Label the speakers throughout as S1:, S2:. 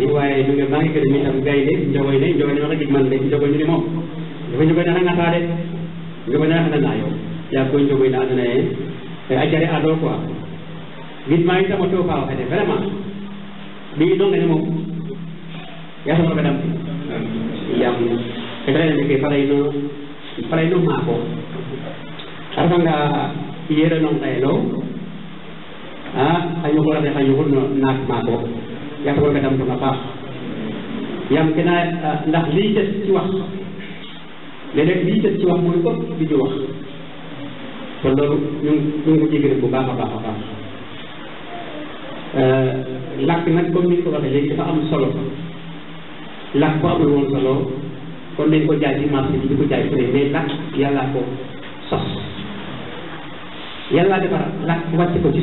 S1: yi waaye ñu ngi maa ngi gërëm ñu tam gaynde njogoy ne njogoy ne wax dëgg man de njogoy ñu ne moom dafa njogoy nana ngata de njogoy nana xana naa yow yaa koy njogoy na aduna ye a jare adoo quoi gis maa ngi sama to faa waxete vraiment ɓi ɗo ngene moom yasamoro ɓe ɗam yam e tarenene ke falayno falayno maako a refanga yeero nong ɗayelo a a ñoxorate xa ñoxurno naak maako yang ko kadam dum apa yang kena ndax li jess ci wax leleg li jess di di wax kon lolu ñu ñu ko ci gërem lak nak comme ni ko waxe legi am solo lak solo ko di ko lak ko sos yalla defar lak wacce ko ci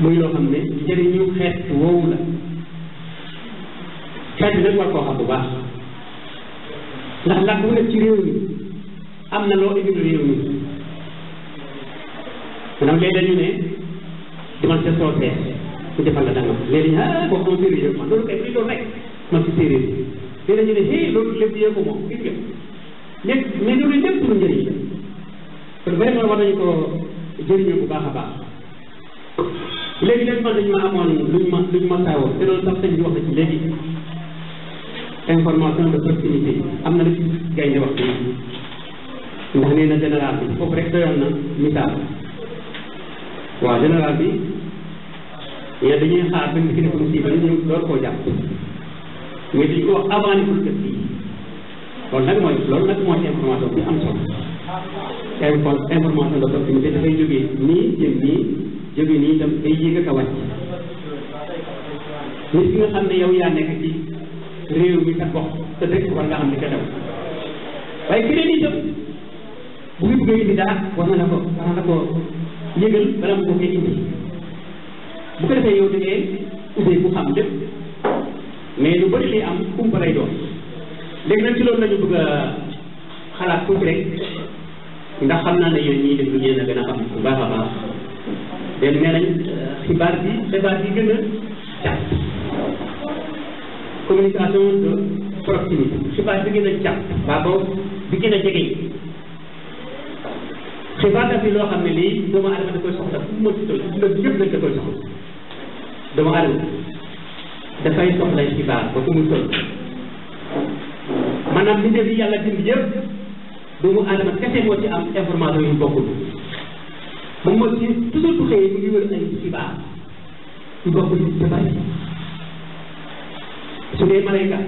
S1: muy loo xam ne jëriñu xeet woowu la xeet bi nag war koo xam bu baax ndax làkk mu nekk ci réew mi na loo indil réew mi maanaam léegi dañu ne demal sa soosee mu defal la dangam léegi dañu ah boo xam séeréer yow man loolu kay muy doon rek man ci séeréer léegi dañu ne hé loolu lépp yee ko moom gis nga lépp mais loolu lépp lu njëriñ la kon vraiment war nañu ko jëriñoo bu baax a baax léegi léegi man dañu ma amoon luñ ma luñ ma taawoo te loolu sax sëñ bi wax na ci léegi information de proximité am na lu ci gaynde wax bi ndax nee na général bi foofu rek doyoon na misaal waaw général bi yéen dañuy xaar ba ñu gën a ko ñu door koo jàpp mais dañu ko avant ni pour kii loolu nag mooy loolu nag information bi am solo information de proximité dafay jógee nii jëm nii jóge nii itam day yéeg ak a wàcc nit ki nga ne yow yaa nekk ci réew mi sa gox sa dëkk war nga li ko daw waaye keneen itam bu fi bëggee indi dara war na la ko war na la ko yëgal bala mu ko koy indi bu ko defee yow da ngay ubbee ku xam lépp mais lu bëri lay am kumpa lay doon léegi nag ci loolu la ñu bëgg a xalaat tuuti rek ndax xam naa ne yéen ñii déglu ñeen a gën a xam bu baax a léegi nee nañ xibaar bi xibaar bi gën a jàpp communication de proximité xibaar bi gën a jàpp pardon bi gën a jege xibaar daf loo xam ne lii doomu aadama da koy soxla dafay soxla xibaar ba fu mu toll maanaam li def yàlla bind yëpp doomu aadama kese moo ci am information yu bokkul moom mooy ci toujours bu xëyee mu ngi wër ay xibaar yu bokk ci te bari su dee malayka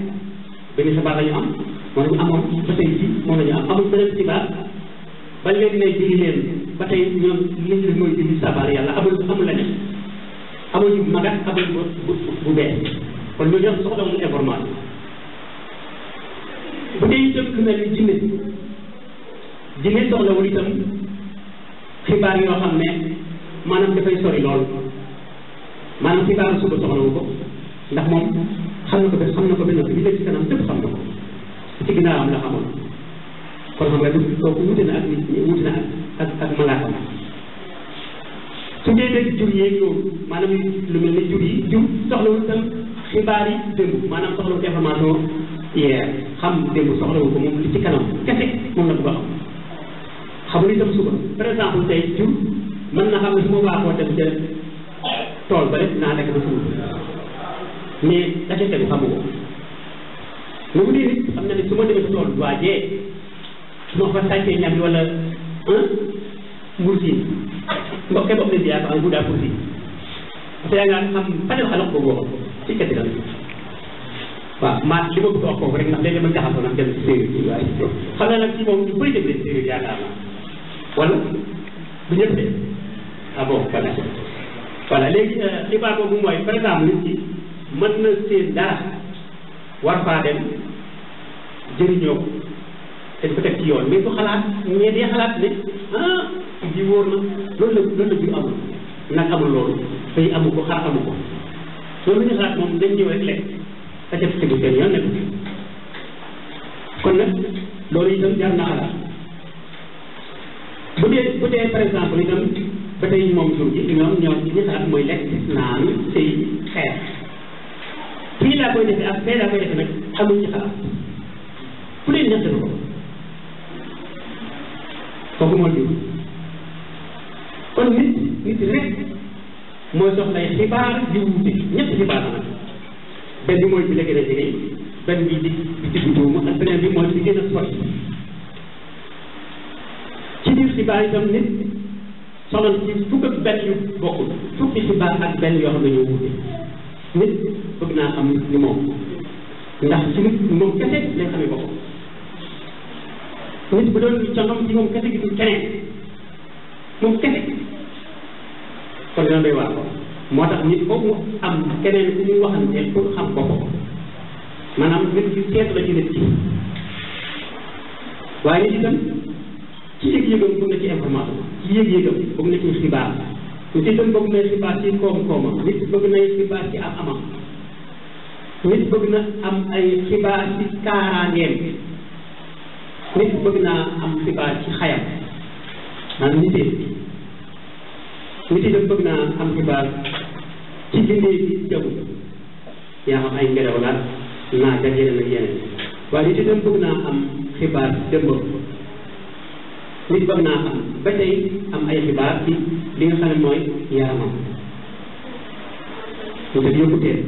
S1: benn xibaar la ñu am moom la ñu amoon ba tey ji moom la ñu am amul beneen xibaar ba leen ne jëli leen ba tey ñoom liñ li mooy jëli sabar yàlla amul amul la ne amul ñu maga amul bu bu bees kon ñoo ñoom soxla mu information bu dee itam lu mel ni jinne jinne soxlawul itam xibaar yoo xam ne maanaam dafay sori lool maanaam xibaaru suba soxlawu ko ndax moom xam na ko ba xam na ko ba noppi li ci kanam lépp xam na ko ci ginnaawam la xamoon kon xam nga du kooku wute na ak nit ñi wute na ak ak ak malaaka su dee dégg jur yeeg loolu maanaam lu mel ne jur yi jur soxlawul tam xibaar yi démb maanaam soxlawul information yeer xam démb soxlawul ko moom li ci kanam kese moom xamul itam suba par exemple tey jur mën na xam ne su ma baaxoo dem ca tool ba rek naa lekk ba suba mais la ca tegu xamu ko lu mu nii nit xam na ne su ma demee tool waajee su ma fa sàccee ñam wala mursin mbokke bopp ne biyaa ko am gudaa kursi te yaa nga xam fanel xalak ko boo ci kati lan waaw ma bëgg a wax foofu rek ndax léegi ma jaxasoo nag dem ci séeréer yi waaye xam naa nag ci moom ñu bëri dem leen séeréer yaakaar naa wala bu ñëpp de ah bon voilà voilà léegi euh, xibaar boobu mooy par exemple nit ki na seen dara war faa dem jëriñoo ko te du ko teg ci yoon mais du xalaat ñee dee xalaat ne ah ji wóor na loolu loolu la jiw amul nag amul loolu bay amu ko xar amu ko loolu la ñu xalaat moom dañ ñëw rek lekk sa def ci bu seen yoon nekk kon nag loolu itam jar na xalaat bu dee bu dee par exemple itam ba tey moom jur gi ñoom ñoom ci gisaat mooy lekk naan fii laa koy defee ak fee laa koy defee nag amuñ ci xalaat ku leen neex defe ko kooku moo jur nit nit rek mooy soxlay xibaar di wuute ñett xibaar la nag benn bi mooy bi la gën a jege benn bi di di dugg doomu ak beneen bi mooy a sori ci biir xibaar itam nit solon ci fukk ak benn yu bokkul fukki xibaar ak benn yoo xam ne ñoo wute nit bëgg naa xam ni moom ndax ci nit moom kese lañ xamee boppam nit bu doon conom ci moom kese gi du keneen moom kese kon dina doy waar moo tax nit foofu mu am keneen ku mu waxanteel pour xam boppam maanaam nit ki seet la ci nit waaye nit itam ci yëg-yëgam bëgg na ci information ci yëg-yëgam bëgg na ci xibaar nit itam bëgg na xibaar ci koom-koomam nit bëgg na xibaar ci am amam nit bëgg na am ay xibaar ci kaaraangeem nit bëgg naa am xibaar ci xayam maanaam nitee nit itam bëgg naa am xibaar ci bindee bi jabu yaa xam ay ngelaw laat naa ak yeneen ak yeneen waaye nit itam bëgg naa am xibaar dëmbam nit bëgg naa xam ba tey am ay xibaar ci li nga xam ne mooy yaramam ngir yokkuteel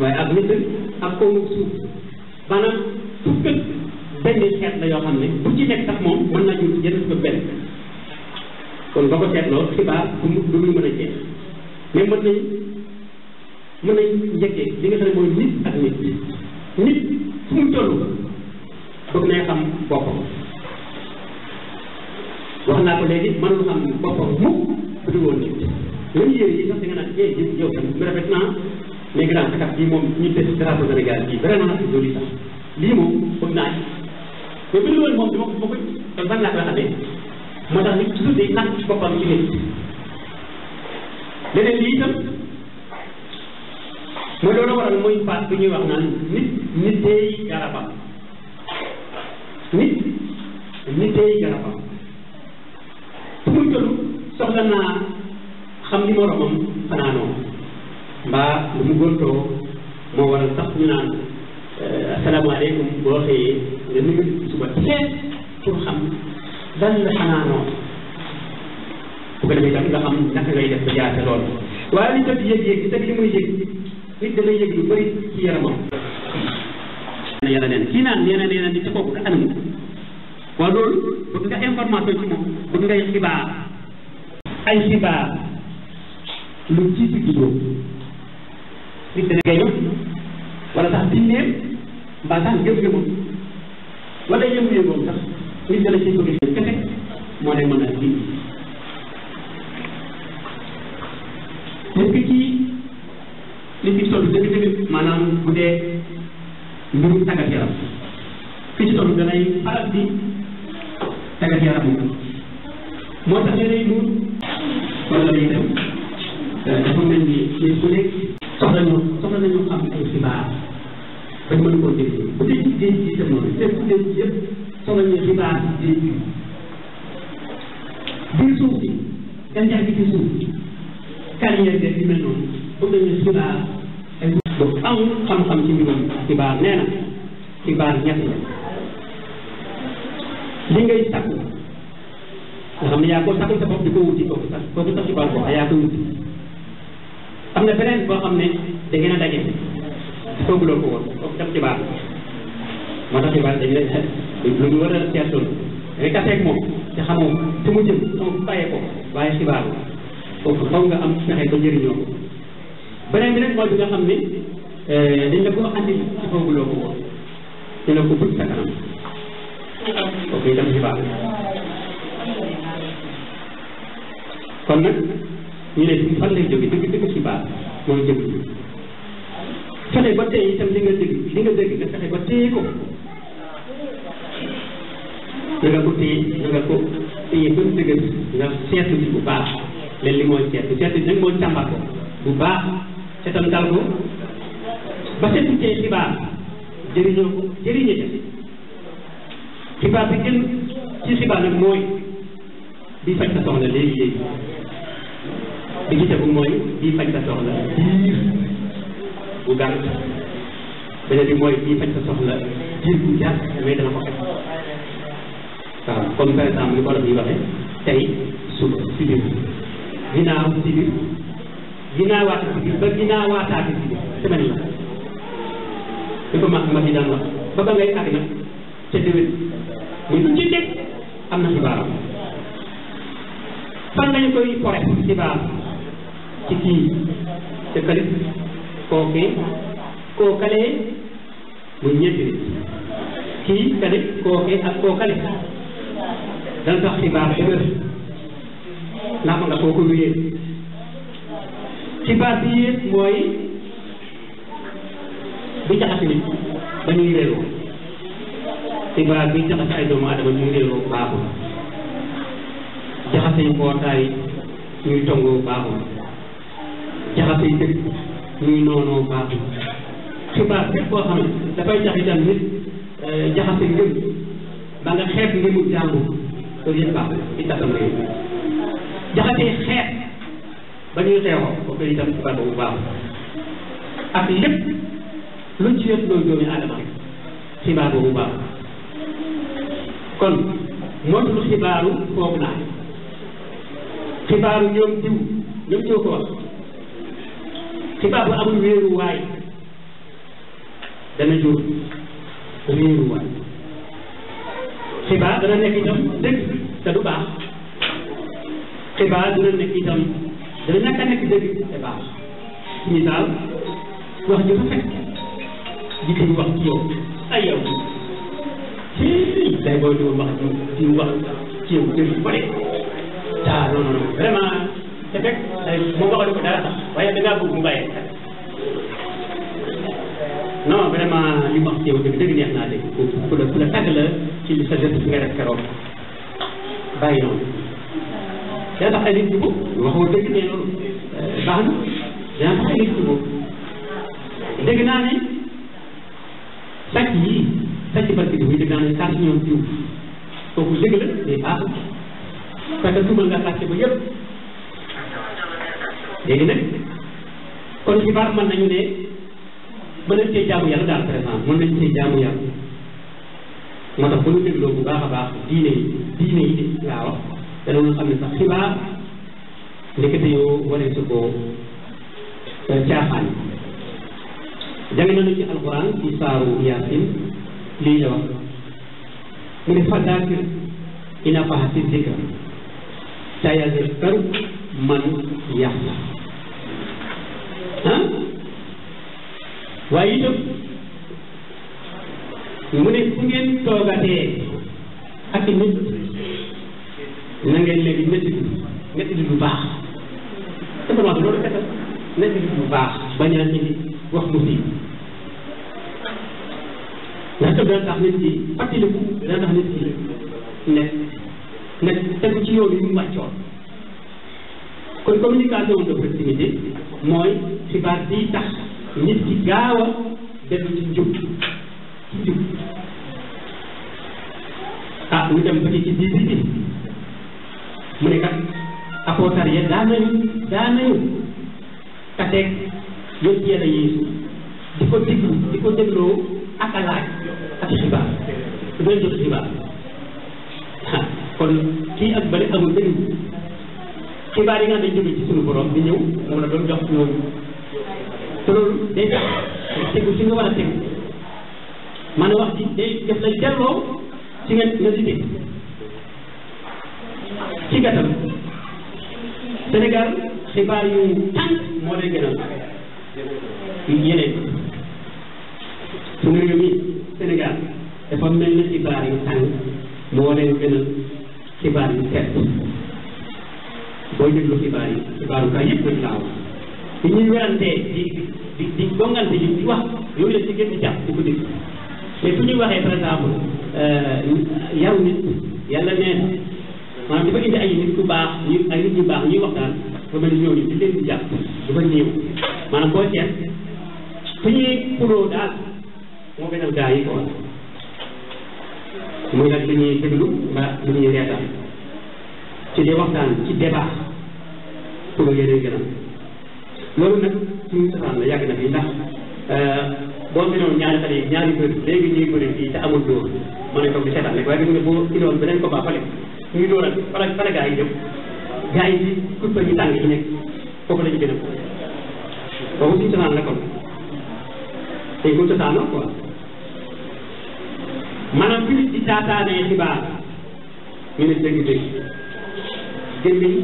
S1: waaye ak nit ak kaw nag suuf maanaam fukk benn xeet la yoo xam ne bu ci nekk sax moom mën na jur yenn fukk ak benn kon ba ko seetloo xibaar du mu du muy mën a jeex mais mën nañ mën nañ njëkkee li nga xam ne mooy nit ak nit nit fu mu toll bëgg naa xam boppam wax naa ko léegi mënul xam boppam mu du woon nit la ñu yére yi sax da nga naan eh yow tamit mu rafet naa mais grand sakat bii moom ñu teg drapeau Sénégal bii vraiment joli sax lii moom bëgg naa ci mais bu woon moom dama ko ma koy ban laa koy xamee moo tax nit toujours day natt ci boppam ci nit leneen lii itam mooy loolu waral mooy baat bi ñuy wax naan nit nit day garabam nit nit day garabam fu mu jot soxla naa xam ni moromam fanaanoo mbaa lu mu góortoo moo waral sax ñu naan asalaamaaleykum boo xëyee nga nuyu suba teel pour xam lan la fanaanoo bu ko defee tam nga xam naka ngay def ba jaase lool waaye li jot yëg-yëg teg li muy yëg nit dana yëg lu bëri ci yaramam. yeneen yeneen kii naan yeneen yeneen di ci kooku anam kon loolu bëgg nga information ci moom bëgg ngay xibaar ay xibaar lu jiitu juddoo nit dana ngay yëpp wala sax dinneem mbaa sax wala yëngu-yëngoom sax nit dana ci bëgg a kese moo lay mën a indi nit ki ci nit ki toll dëgg dëgg maanaam bu dee mbirum tàggat yaram ki di tàggat yaram bi moo tax ñu lay nuur wala lay dem dafa mel ni nit ku nekk soxla ñu soxla nañu am ay xibaar ba mën koo déglu bu dee ci géej gi itam noonu lépp géej gi yëpp soxla ñu xibaar bi géej gi biir suuf bi gàncax gi ci suuf carrière bi yu mel noonu bëgg nañu xibaar ay amul xam-xam ci mbirum xibaar nee na xibaar ñett la li ngay sakku nga xam ne yaa ko sakkul sa bopp di ko wuti kooku sax kooku sax ci wàllu bopp yaa ko wuti am na beneen boo xam ne da ngeen a daje kooku loo ko woon kooku sax ci baax moo tax ci baax dañu lay lu ñu war a seetlu da ngay taseeg moom te xamoo fi mu jëm xamoo bàyyee ko waaye xibaar kooku xaw nga am fexe ba njëriñoo ko beneen bi nag mooy bi nga xam ne euh, dañ la ko andil ci kooku loo ko woon te la ko bëgg sa kanam
S2: kooku itam riba la
S1: kon nag ñu ne fan lay jóge dëgg dëgg riba mooy jëm fexe ba tey itam li nga dégg li nga dégg nga fexe ba téye ko na nga ko na nga ko téye ba mu dëgër nga seetlu ci bu baax leen li mooy seetlu seetlu nag mooy càmbar ko bu baax seetam dal ko ba seetlu ci riba jëriñoo ko jëriñee xibaar bi gën ci xibaar nag mooy di faj sa soxla léegi léegi bi ci tegu mooy di faj sa soxla diir bu gàtt beneen bi mooy di faj sa soxla diir bu gàtt mais dana ko faj waaw comme par exemple li ko doon waxee si biir ginnaaw si biir ginnaaw waata si biir ba ginnaaw waataati si biir semaine la li ko ma ma ci daan wax ba ba ngay àgg nag ca muy lu ci am na xibaaram fan lañu koy pore xibaar ci kii ca kële kooki koo kalee muy kii kële kooki ak koo kale dana tax xibaar dëgër ndax nga koo ko wéyee xibaar bi yéeg mooy bu jaxase ba ñuy réeroo xibaar bi jaxase ay doomu aadama ñu réeroo baaxul jaxase mbootaay ñuy tongoo baaxul jaxase dëkk ñuy noonoo baaxul xibaar képp koo xam ne dafay tax itam nit euh, jaxase ngëm ba nga xeeb ngëmu jàngu loolu yëpp baaxul ci tasam réew jaxase xeet ba ñuy xeewoo kooku itam xibaar boobu baaxul ak lépp luñ ci yëpp loolu doomi aadama kon moytu xibaaru foog naa xibaaru ñoom diw ñoom ñoo ko wax xibaar bu amul wéeruwaay dana jur wéeruwaay xibaar dana nekk itam dëgg te du baax nekk itam dana nekk dëgg te baax misaal wax ju si day booy di wax di wax ci yow jël yu bëri ah non non vraiment te fekk day moom waxoon ko dara sax waaye da ngaa bëgg mu bàyyi non vraiment li mu wax ci yow dëgg dëgg neex naa dégg ku la ku la tàgg la ci li sa geste bi nga def keroog bàyyi noonu dina tax ay nit di ko waxoo dëgg ne
S2: loolu baax na dina tax ay nit di ko dégg
S1: naa ne sàcc yi sàcc barke bi muy dëgg naa ne sàcc ñoom jiw kooku dëgg la day baaxul parce que tuumal nga sàcc ba yëpp léegi nag kon ci baax mën nañu ne mën nañ cee jaamu yàlla daal par exemple mën nañ cee jaamu yàlla moo tax bu ñu dégloo bu baax a baax diine yi diine yi de laa wax danañu xam ne sax xibaar ndekete yoo waree su ko euh, caaxaan jàng nañu ci alxuraan ci saaru yaasin liyo ilifataki inapahatisika sayazikaru man yahla waaye itam mu ne fu ngeen toogatee ak nit na ngeen léegi métti métti lu baax te loolu kese métti lu baax bañ a indi wax mu fi rek dana tax nit ki fàttaliku dana tax nit ki ne ne tegu ci yoon yi ñu wàccoon kon communication de proximité mooy xibaar bi tax nit ki gaaw a dem ci njub ci njub ah ñu dem ba ci ci biir bi mu ne kat apotariya daa nañu daa nañu kateeg yëpp yàlla yeesu di ko déglu di ko dégloo ak a laaj jot xibaar su doon jot xibaar kon kii ak bële amul benn xibaar yi nga xam ne jóge ci suñu borom di moom la doon jox ñooñu te loolu day tax tegu si nga a tegu maanaam wax ji day def la delloo si nga si tegu
S2: ci gàttal Sénégal
S1: xibaar yu tànk moo lay gënal yeneen suñu réew Sénégal dafa mel ni xibaar yu tàng moo leen gënal xibaar yu tedd booy déglu xibaar yi xibaaru kaay yëpp lañ laaw di ñuy werantee di di di gongante yi di wax yooyu la ci gën di jàpp di ko dégg mais su ñuy waxee par exemple euh, yaru nit yàlla nee na maanaam dafa indi ku baax ñu ay nit baax ñuy waxtaan ba mel ni ñooñu di leen di jàpp dafa néew maanaam boo seet su ñuy puroo daal moo gënal gaa yi ko muy nag lu ñuy déglu mbaa lu ñuy reetaan ci di waxtaan ci débat pour yéeneen gënal loolu nag suñu safaan la yàgg na fi ndax euh, boo mi noonu ñaari xale yi ñaari bëri léegi ñuy bëri fii te amul dóor mën a toog di seetaan rek waaye gis nga boo indoon beneen combat fale ñuy dóoral fara gaa yi jëm gaa yi ci kutba ñu tàng ci nekk foofu la ñu gën a boobu suñu safaan la kon dañ ko cosaanoo quoi maanaam plus di taataanee xibaar ñu ne dëgg-dëgg gémmiñ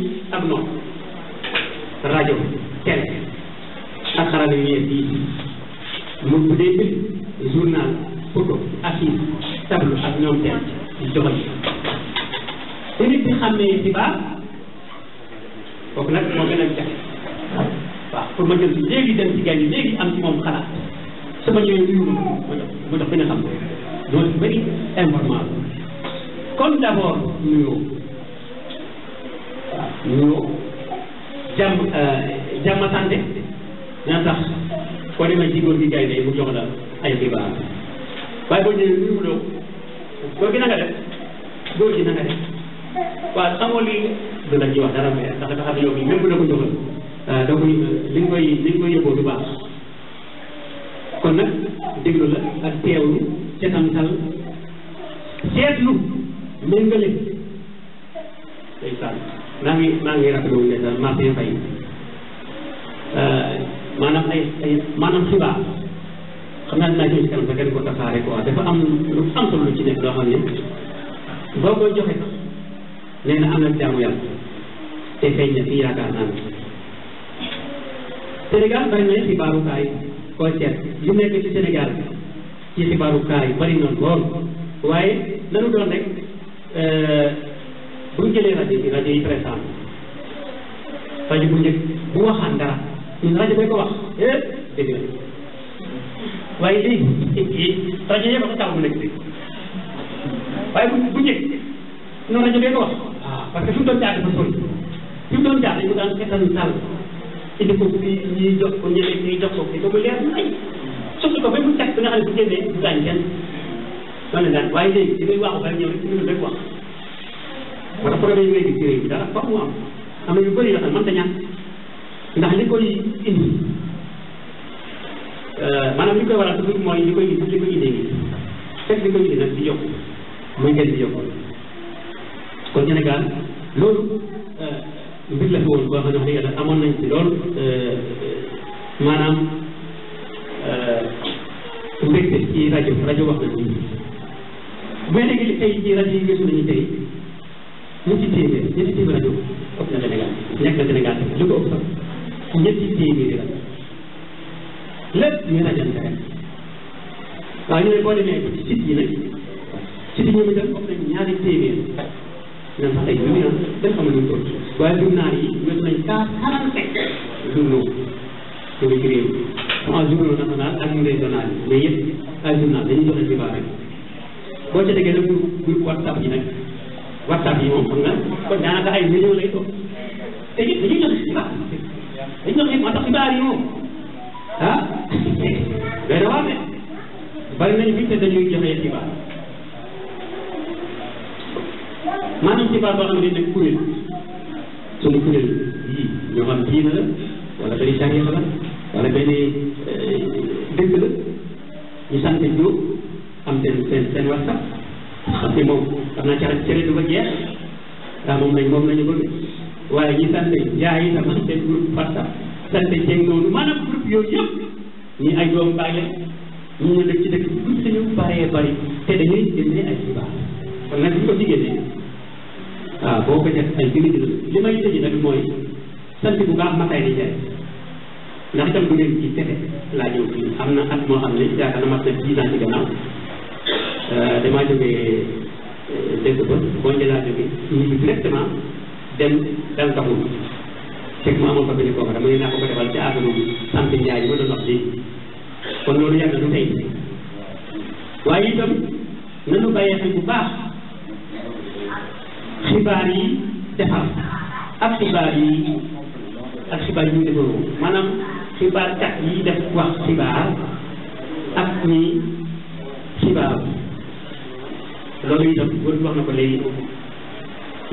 S1: rajo télé ak xarala yu ñeent yi mu bu dee bind journal photo affiche tableau ak ñoom teel di joxal te nit ñi xàmmee xibaar kooku moo gën a jël léegi dem ci léegi am ci moom xalaat su ma ñëwee nuyu ma ma jox ma jox gën a xam loolu si bëri information comme d'abord nuyoo waaw nuyoo jàmm euh, jàmm sante na tax koo demee ci góor gi gaynde yi mu jox ay xibaar waaye boo ñëwee nuyu loo góor gi na nga def na nga def waaw xamoo lii du la ci wax dara mais ndax dafa xam yow mii même bu ko joxal da koy li nga koy li nga koy yëgoo du baax kon nag déglu la ak teewlu setantal seetlu méngale ndeysaan maa ngi maa ngi rafetlu ndeysaan Martin Faye euh, maanaam ay ay maanaam xibaar xam naa dinaa jëm si kanam ko tasaare quoi dafa am lu am solo lu ci nekk loo xam ne boo koy joxe sax nee na am na jaamu yàlla te feeñ na fi yaakaar naa ne Sénégal bari na xibaarukaay koy seet li ci xibaaru kaar yi bari na lool waaye lanu doon rek euh, bu ñu jëlee rajo bi rajo yi par exemple rajo bu njëkk bu waxaan dara ñun rajo bay ko wax eh dégg na waaye léegi rajo yëpp a ko tax mu nekk waaye bu bu njëkk noonu rajo bay ko wax waaw ah, parce que fi mu doon jaar dafa sori fi mu doon jaar dañu daan xetal sàll indi ko fii ñuy jox ko ñeneen ñuy jox ko fii ko mu leer nañ sotti ko ba mu teg ba nga xam ne bu génnee du gaañ kenn loolu la daan waaye léegi da ngay waaxu ba ñëw rek ñu rek wax wala problème yi ngay gis ci réew mi dara fa mu am am na yu bëri yoo xam ne mënta ñàkk ndax li koy indi euh, maanaam li koy waral toujours mooy li koy indi li koy indi ngi fekk li koy indi nag di yokku muy ngeen di yokku kon Sénégal loolu euh, mbir la fi woon boo xam ne wax dëgg yàlla amoon nañ ci loolu euh, mbégte ci rajo rajo wax nañu ñu booy léegi tey ci rajo yi gëstu nañu tey ñetti téeméer ñetti téeméer rajo ëpp na Sénégal nekk na Sénégal lu ko ëpp sax ñetti téeméeri rajo lépp ñu rajo Ndakaaru waaw ñu ne boo demee ci site yi nag site yi ñoom itam ëpp nañ ñaari téeméer ñoom sax ay million kenn xamul ñu ko waaye journal yi ñoom nañ quarante journaux ñu ngi ci réew journaux national ak ngay journal yi mais yëpp ay journal dañuy joxe xibaar rek boo ca déggee nag groupe groupe whatsapp yi nag whatsapp yi moom xam nga kon daanaka ay millions lay toog te it dañuy joxe xibaar dañuy joxe xibaar tax xibaar yi moom ah day na waar de bari nañu fi te dañuy joxe xibaar maanaam xibaar boo xam ne nag kuréel sunu kuréel yii ñoo xam diina la wala benn sariya la wala nga ne dëgg la ñu sant Diop am seen seen seen whatsapp xam ne moom xam naa cere cere du ba jeex waaw moom lañ moom lañu bëgg waaye ñu sant jaay yi tam am seen groupe whatsapp sant ceeb noonu maanaam groupe yooyu yëpp ñu ay doom bàyyi ñu ñu dëkk ci dëkk bu suñu baree bari te dañuy génne ay xibaar kon nag bu ko jigéen waaw boo ko def ay gën a li may tëj nag mooy sant bu baax Matay di ndax itam du ngeen ci texe laa ñëw fii am na at moo xam ne yaakaar na mat na dix ans ci gannaaw euh, damaa jógee euh, dëkk ba bonde laa jógee ñibbi directement dem dal Kaboul fekk mu amoon fa benn kooka dama ne naa ko ko defal ci affaire bi sant Ndiaye bi ma doon wax léegi kon loolu yàgg na du tey waaye itam nanu bàyyee xel bu baax xibaar yi defar ak xibaar yi ak xibaar yi ñu defaroo maanaam xibaarkat yi def wax xibaar ak ñi xibaar loolu itam góor wax na ko léegi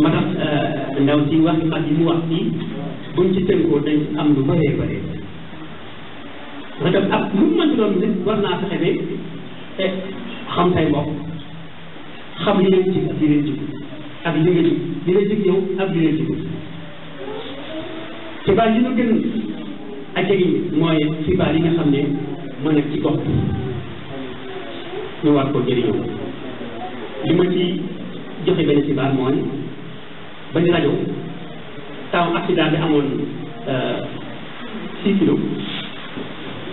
S1: ma tax euh, ndaw si wax ak yi mu wax ci buñ ci tënkoo dañ am lu bëree bëree ma tax ak lu mu mënti doon nit war naa fexe ba eh, xam say mbokk xam li leen jig ak li leen jig ak li nga jig li nga jig yow ak li leen jig xibaar yi ñu gën acca gi mooy xibaar yi nga xam ne mën a ci gox bi ko jëriñoo li ma joxe benn xibaar mooy ba ñu rajo taw accident bi amoon euh, six kilos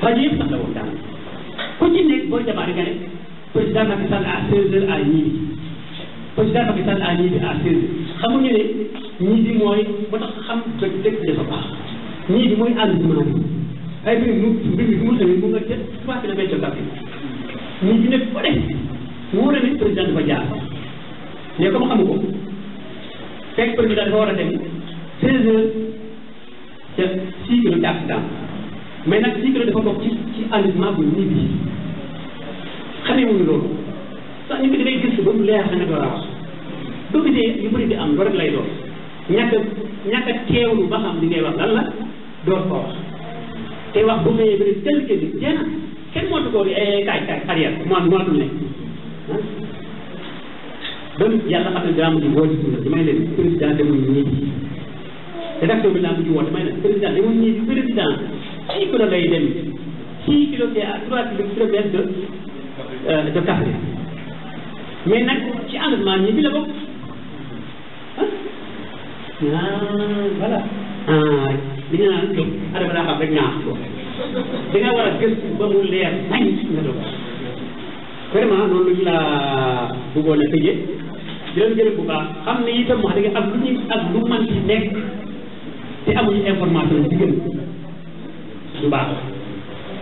S1: rajo yëpp sax la woon daal ku ci nekk boo ne président Macky Sall à seize heures à midi président Macky Sall à midi à seize heures xamuñu ñii di mooy àll bi mën a ay mbir mu mbir mi fi mu tënk mu nga jël trois kilomètres kàpp ñii di nekk ba léegi wóor na ne président dafa jaar mais comme xamu ko fekk président dafa war a dem seize heures ca six kilos ci accident mais nag six kilos dafa bokk ci ci enlèvement bu nii bi xamee wuñu loolu sax ñu ko dangay gis ba mu leer sa nekk raas boo gisee yu bëri di am loolu rek lay doon ñàkk a ñàkk a teewlu ba xam li ngay wax lan la door ko wax te wax bu xëyee ba ne tënk ni jeex na kenn mënatu ko eh, kaay kaay arrière mënatu mënatul ne donc ah. yàlla xam ne drame bi woo ci suñu damay leen président demul ñii rédaction bi laa ko ci woo damay leen président demul ñii président six kilos lay dem six kilos c'est à trois kilomètres de euh, de Kaffrine mais nag ci engagement ñi bi la bokk ah, ah voilà. Ah, li ñu naan jóg adama daa xam rek ñaax ci wax da nga war a gëstu ba mu leer nañ nga doog vraiment noonu lu ñu laa bëggoon a tëjee di leen gërëm bu baax xam ne itam wax dëgg ak lu ñuy ak lu man ci nekk te amuñu information bi gën lu baax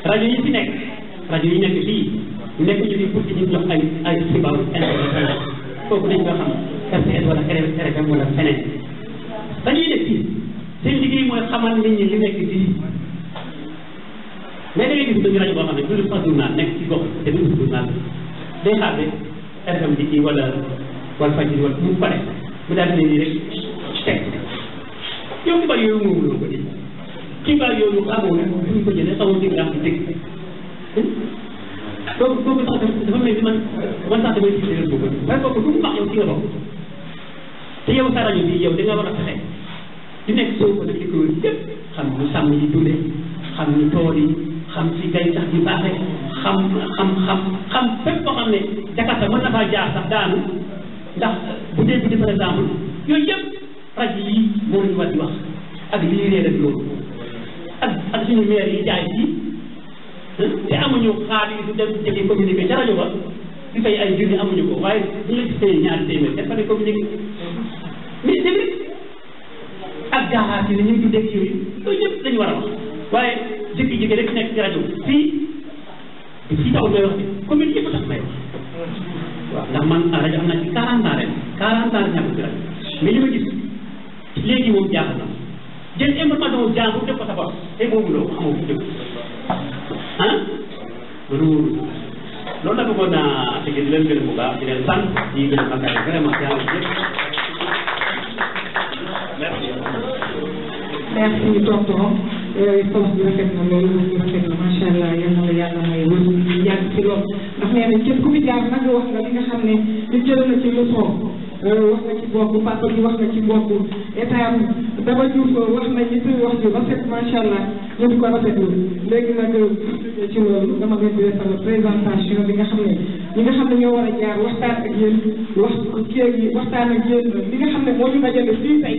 S1: rajo yi fi nekk rajo yi nekk fii nekk ñu fi pour di jox ay ay xibaar international foofu nañ ko xam RTS wala RFM wala feneen dañuy def fii seen liggéey mooy xamal nit ñi li nekk fii mais da ngay gis dañu rajo boo xam ne du pas journal nekk ci gox te du journal day xaar rek RFM di kii wala wala fajiri wala mu pare mu daal di ne nii rek teg yow xibaar yooyu moomuloo ko nii xibaar yooyu xamoo fu ñu ko jëlee xamoo ci gàmm dégg donc kooku sax dafa mel ni man man sax damay gis réew boobu man kooku du mu baax yow ci nga bokk te yow sa rajo bi yow da nga war a fexe ci nekk soo ko li ko wër yëpp xam ñu sàmm yi dundee xam ñu tool yi xam si gàncax gi baaxee xam xam xam xam fépp koo xam ne jakarta mën na faa jaar sax daanu ndax bu dee bi par exemple yooyu yëpp rajo yi moo ñu war di wax ak li ñu réer ak loolu ak ak suñu maire yi jaay ci te amuñu xaalis yi dem jëge communiqué ca rajo ba di fay ay junni amuñu ko waaye bu ñu la gisee ñaari téeméer dafa ne communiqué mais caaxaat yi la ñuy tuddee yooyu yooyu yëpp dañu war a wax waaye jékki-jékki rek nekk ci rajo fii fii taxul may wax bi commune yëpp tax may wax waaw ndax man ah, rajo am na ci quarante ans ren quarante ans ñàkk ci rajo mais li ma gis léegi moom jaaxal na jël information jaaxul def ko sa bopp te boobu loo xamoo fu dëgg ah loolu loolu la bëggoon naa te di leen gërëm bu baax di leen sant di leen sant vraiment neex suñu tonton ponse bi rafet na loolu wax bi rafet na macha allah yal na la yàlla may wëru ñu yàgg ci loolu ndax nee nañ képp ku fi jaar nag wax nga li nga li ne ñu jël na ci leçon eh, wax na ci bopp papa bi wax na ci bopp état daba Diouf eh, wax na it wax ju rafet macha allah ñu di ko rafetlu léegi nag eh, ci loolu dama leen nga xam ne ñi nga xam ne ñoo war a jaar waxtaan ak yéen wax kii li nga xam ne moo ñu dajale fii tey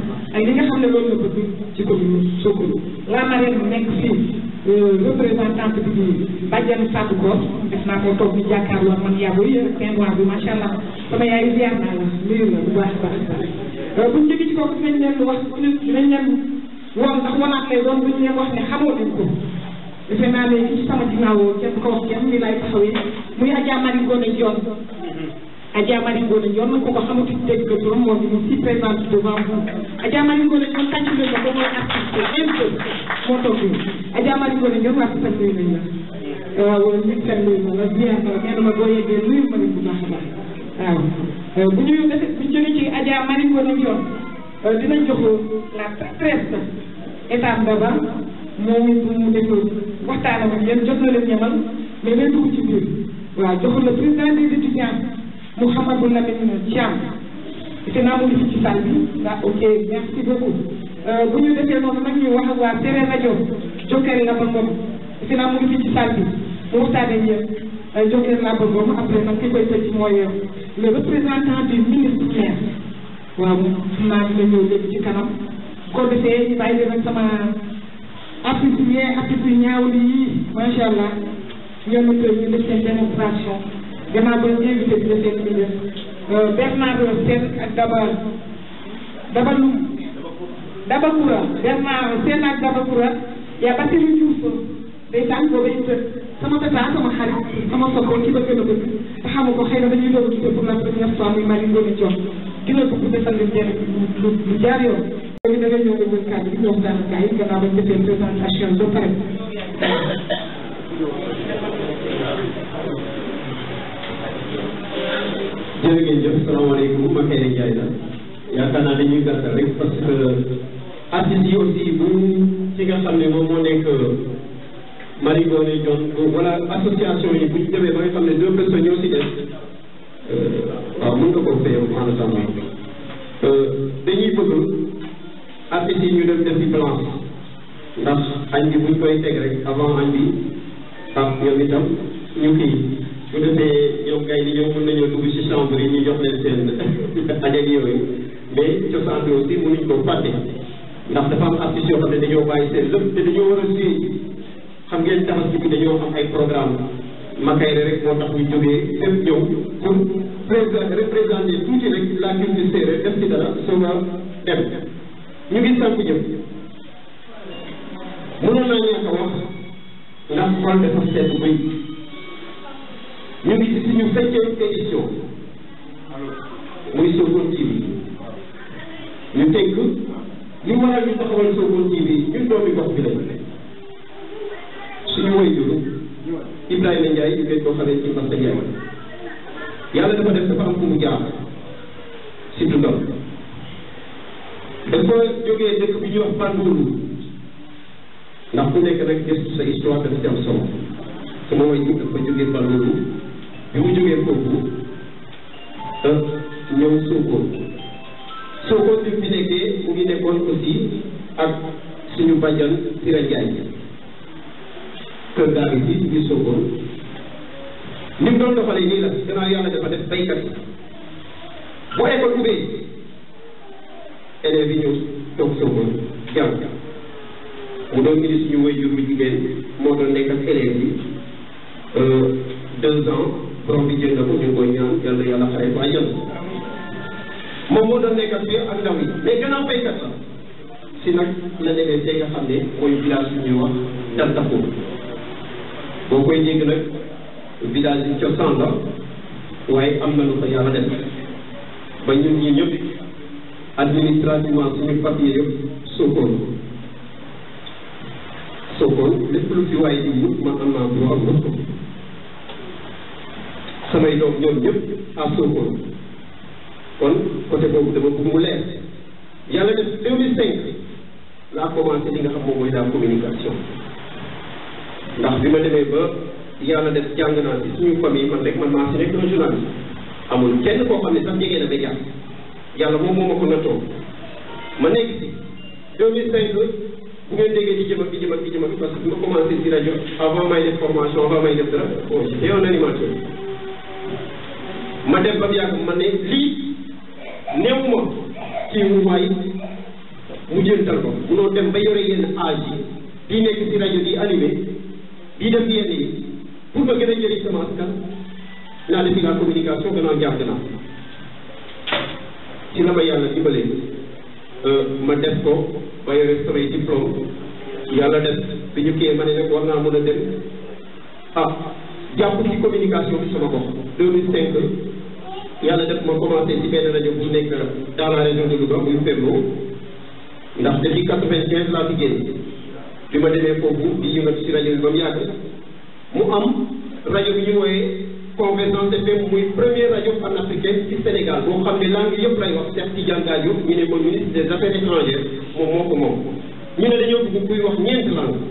S1: ak li nga xam ne loolu la o ci commune Sokone la marraine nekk fii euh, représentante bi di Badiane Fatou Goor def naa ko toog di jàkkaarloo man yaa booy fin mois bi macha allah sama yaay ziar naa la nuyu la bu baax a baax euh, buñ jógee ci kooku dinañ leen wax dinañ leen woon ndax wanaat lay doon buñ leen wax ne xamoo leen ko defe naa ne ci sama ginnaaw kenn ko wax kenn mi lay taxawee muy Adja Marie Ngoné Dione Adja Marie Ngoné Ndione ku ko xamati dégg nga turam moom ñu si présente devant vous Adja Marie Ngoné Ndione tànk leen ko mooy artiste même chose moo toog ñu Adja Marie Ngoné Ndione waa Sipal nuyu nañ la euh, waaw nit kan nuyu ma la bien nee na ma boo yeggee nuyu ma leen bu baax a baax waaw euh, bu ñu bu ñu jógee ci Adja Marie Ngoné Ndione euh, dinañ jox la presse étape d'abord moom mu def waxtaan ak yéen jot na leen ñamal mais day dugg ci biir waaw joxul le président des étudiants Mouhamadou Lamine Thiam defe naa mu ngi fi ci salle bi ah ok merci beaucoup euh, bu ñu defee noonu nag ñu wax ak waa Sérère rajo Jokkër la ba moom defe naa mu ngi fi ci salle bi mu waxtaanee ñëpp euh, Jokkër la ba moom après nag ki koy tëj mooy euh, le représentant du ministère waaw xam naa ne ñëw léegi ci kanam bu ko defee ñu bàyyi leen ak sama appuyer appuyer ñaaw lii macha allah ñoom it ñu def seen démonstration. danaa koy invité bi ñu euh, seen bi Bernardo Sène ak Daba Daba Loum Daba Koura Bernardo Sène ak Daba Koura yaa ba seen Diouf day saan booba it sama tata sama xarit sama soppoo ci ba gën a bëgg te xamu ko xëy na dañuy doon gisee pour la première fois muy Mali Ngoné Diop dina bëgg defal leen njëriñ lu lu jaar yoon. léegi da ngay ñëw nga jël kàddu gi ñoom daanaka yi jërë ngeen jëf salaamaaleykum Makhayda Ndiaye la yaakaar naa dañuy gàttal rek parce que artistes e aussi bu ci nga xam ne moom moo nekk Marie Ngoné Dione wala association yi bu ñu demee ba nga xam ne deux personnes ñoo si des euh, waaw mën nga ko fayam en attendant euh, dañuy bëgg artistes yi ñu dem defi plan ndax añ bi buñ koy teg rek avant añ bi ah yow itam ñu kii bu defee ñoom ngay ni ñoom mën nañoo dugg ci chambre yi ñu jox leen seen añak yooyu mais cosaan bi aussi mënuñ ko fàtte ndax dafa am artistes yoo xam ne dañoo bàyyi seen lépp te dañoo war a suy xam ngeen tabaski bi programme Makayre rek moo tax ñu jógee fépp ñëw pour présenter représenter tuuti rek la culture séeréer def ci dara soog a dem ñu ngi sant ñëpp mënoon naa ñàkk a wax ndax xol ñu ngi ci suñu septième édition muy Sokone TV ñu tënk li waral ñu taxawal Sokone TV ñun doomi gox bi lañ suñu waajur Ibrahima Ndiaye ñu ngeen ko xamee ci Massa Ndiaye
S2: yàlla dafa def dafa am fu mu jaar
S1: si dundam dafa jógee dëkk bi ñuy wax Bandoolu ndax ku nekk rek gëstu sa histoire dafa ci am solo sama waajur dafa jógee Bandoolu bi mu jógee foofu ñëw Sokone Sokone bi mu fi mu ngi nekkoon aussi ak suñu bàjjan Sira Ndiaye kër gaa ngi fii ci biir Sokone ni mu doon doxalee nii la gannaaw yàlla dafa def baykat bu école ubbee élèves yi ñëw toog Sokone jàng mu doon indi suñu wayjur bu jigéen moo doon nekk ak élèves yi euh, borom bi jël na ko ñu ngi koy ñaan yal na yàlla xare ko àjjana moom moo doon nekkat fii ak ndaw yi mais gannaaw béykat si nag la demee tey nga xam ne mooy village bi ñuy wax Dantaxo boo koy dégg nag village bi cosaan waaye am na lu ko yàlla def ba ñun ñi ñëpp administrativement suñu papier yëpp Sokone Sokone lépp lu fi waaye di man am naa droit wut ko samay doom ñoom ñëpp am Sonko kon côté boobu dama bëgg mu leer yàlla def 2005 laa commencé li nga xam moom mooy la communication ndax bi ma demee ba yàlla def jàng naa ci suñu famille man rek man maa si nekk un journaliste amul kenn koo xam ne sax jege na ba yàlla yàlla moom moo ma ko nattoo ma nekk ci 2005 bu ngeen déggee di jëm ak di jëm ak di jëm ak parce que bi ma commencé ci rajo avant may def formation avant a def dara bon j'étais un animateur ma dem ba mu ma ne lii néew ma ci waay mu jëntal ko munoo dem ba yore yenn âge yi di nekk ci rajo di animé di def yenn yi pour ma gën a jëriñ sama askan naa defi la communication gannaaw jàpp naa ci la ma yàlla dimbalee euh, ma def ko ba yore samay diplôme yàlla def bi ñu kiyee ma ne nag war naa mën a dem ah jàpp ci communication bi sama bopp 2005 yàlla def ma commencé ci benn rajo bu nekk dans la région de Louga muy Fembo ndax depuis quatre-vingt-quinze laa fi génn bi ma demee foofu di yëngatu ci rajo bi ba mu yàgg mu am rajo bi ñu wooyee Convergence FM muy premier rajo africain ci Sénégal boo xam ne langue yëpp lay wax Cheikh Tidiane Gadio ñu ne ma ministre des affaires étrangères moom moo ko moom ñu ne dañoo bëgg kuy wax ñeenti langue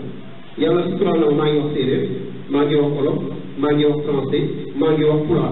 S1: yàlla suturaal na maa ngi wax séeréer maa ngi wax olof maa ngi wax français maa ngi wax pulaar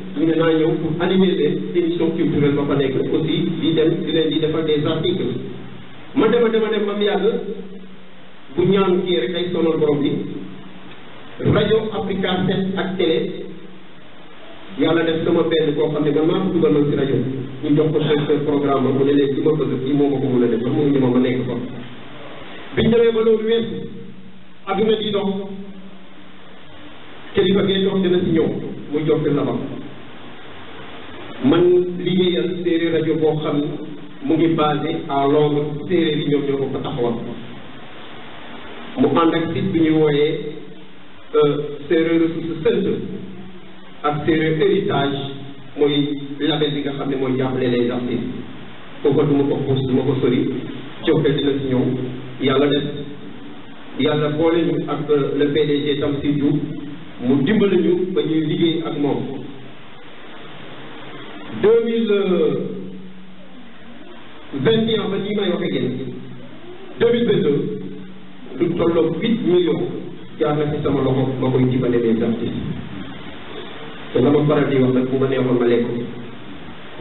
S1: ñu ne naa ñëw pour animer leen émission culturelle ba fa nekk aussi di dem di leen di defal des articles ma dema dema dem ba mu yàgg bu ñaan kii rek ay sonal borom bi rajo Africa 7 ak télé yàlla def sama benn koo xam ne man maa ko dugal man si rajo ñu jox ko seen programme ma mu ne leen li ma bëgg ci moo ma ko mën a def ma ma nekk fa biñ demee ba loolu weesu adduna di dox kilifa gee dox dina si ñëw muy jox te labam man liggéeyal séeréer rajo boo xam mu ngi basé à Londres séeréer yi ñoom ñoo ko fa mu ànd ak site bi ñuy wooyee euh, séeréer ressource centre ak séeréer héritage mooy label bi nga xam ne mooy jàppale les artistes kooku du ma ko xuus du dina si ñëw yàlla def yàlla boole ak euh, le PDG Tamsir Diouf mu dimbali ñu ba ñuy liggéey ak moom. deux mille vingt et un ba lii may wax ak yéen deux mille vingt deux lu tolloog huit millions jaar na ci sama loxo ma koy jibale les artistes te la ma faral di wax nag bu ma neexoon ma lekk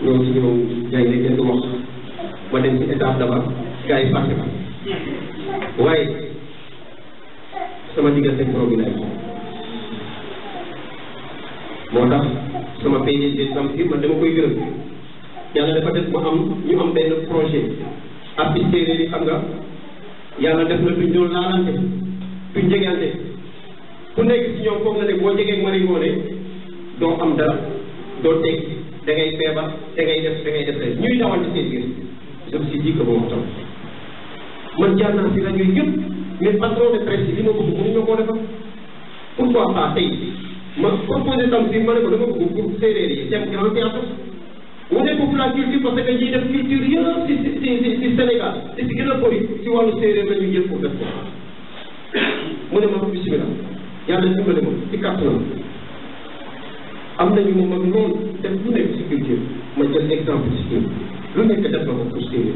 S1: ñoo ci ñëw ne kenn du wax ma dem ci étape d'abord gars yi fàtte ma waaye sama PDG sam si man dama koy gërëm yàlla dafa def ma am ñu am benn projet artiste yi xam nga yàlla def na duñ doon laalante duñ jegante ku nekk si ñoom foog na ne boo jegee mari ngoone doo am dara doo teg da ngay feebar da ngay def da def rek ñuy dawal ci seen biir je me suis dit que tam man jaar naa si rajo yëpp mais patron de presse yi li ma bëgg mënuñu ma koo defal pourquoi pas tey ma proposé tam si ma ne ko dama bëgg pour séeréer yi thème démocratie mu nekk pour la culture parce que ñuy def culture yëpp si si si si Sénégal te si gën a bëri si wàllu séeréer la ñu jël pour def ko mu ne ma bismillah yàlla dimbale ma si kàttanam am nañu ma mag noonu def lu nekk si culture ma jël exemple si kii lu nekk def na ko pour séeréer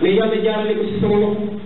S1: mais yàlla jaarale ko si sama loxo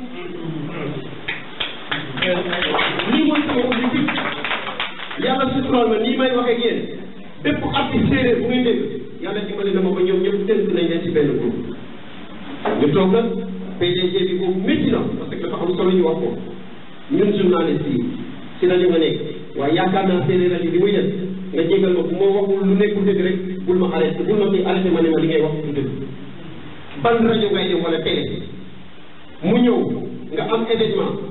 S1: lii mooy sama ma nii may wax ak yéen bépp artiste séeréer bu ngay dégg yàlla dimbali na ma ba ñoom ñëpp tënk nañ leen ci benn groupe ñu toog nag PDG bi boobu métti na parce que dafa am solo ñu wax ko ñun journaliste yi ci rajo nga nekk waaye yaakaar naa séeréer rajo li muy def nga jégal ma bu ma waxul lu nekkul dëgg rek bul ma arrêté bul ma koy ma ne ma li ngay wax du dëgg ban rajo ngay dem wala télé mu ñëw nga am événement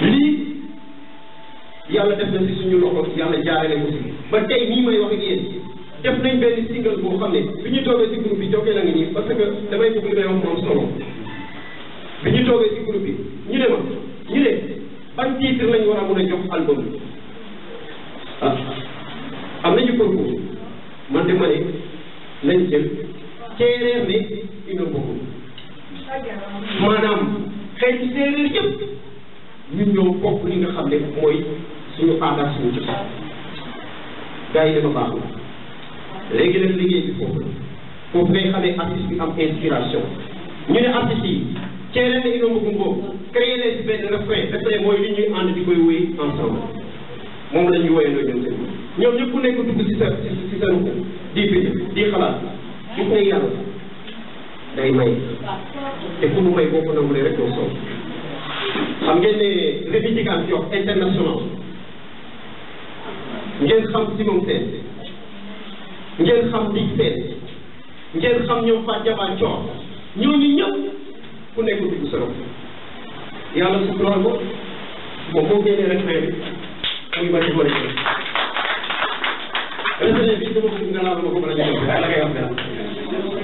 S1: lii yàlla def na si suñu loxo yàlla jaarale ko si ba tey nii may wax ak yéen def nañ single boo xam ne bi ñu si groupe bi jokkee la nga nii parce que damay bëgg li may wax bi si groupe bi ñu ne ma ñu ne ban titre lañ war a mën a jox album bi ah am nañu propos man de ma ne lañ jël séeréer ne dina ñu ñëw bokk li nga xam ne mooy suñu aada suñu cosaan gars yi dafa baaxul léegi nag liggéey bi foofu la foofu ngay xamee artiste bi am inspiration ñu ne artiste yi cee leen ne indooma gumbo créé leen si benn refrain refrain mooy li ñuy ànd di koy wéy ensemble moom la ñuy woyandoo ñoom seen ñoom ñëpp ku nekk dugg si sa si sa ruq di bind di xalaat gis nga yàlla day may te ku mu may boo ko nangulee rek doo sonn xam ngeen ne revendication internationale ngeen xam Simon Sène ngeen xam Big Sène ngeen xam ñoom Fatou Diabane Thior ñooñu ñëpp ku nekk dugg sa bopp yàlla suturaal ko moom boo génnee rek may muy ma ci boole ci. résulé bi dama bëgg nga laal ma ko mën a la ngay wax
S2: dara.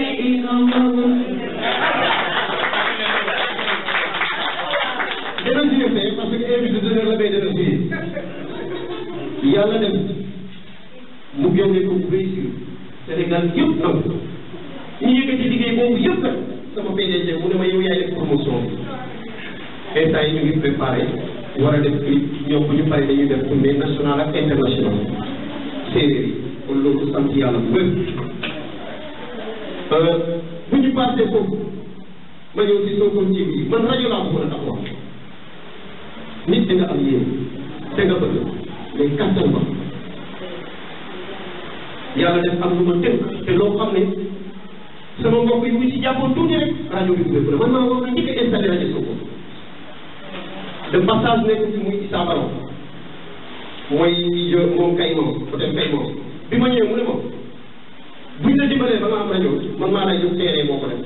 S1: yàlla def mu génne ko bu réussir Sénégal yëpp nangu ñu yëkkati liggéey boobu yëpp nag sama PDG ma yow yaay def promotion bi instant yi ñu ngi préparé war a def clip ñoom bu ñu paree dañuy def tournée nationale ak international séeréer yi kon loolu sant yàlla bu wér euh, bu ñu passé foofu ma ñëw si Sokone TV man rajo laa ko mën a taxawal nit da nga am yéen te nga day kàttan ba yàlla def am lu ma tënk te loo xam ne sama mbokk yi bu ci jàppoon tuuti rek rajo bi ubbeeku na man maa war a njëkk a installé rajo Sokone de passage nekk ci muy Issa Baro mooy moom kay moom peut être kay moom bi ma ñëwee mu ne ma buñ la dimbalee ba nga am rajo man maa lay jox teeree moo ko def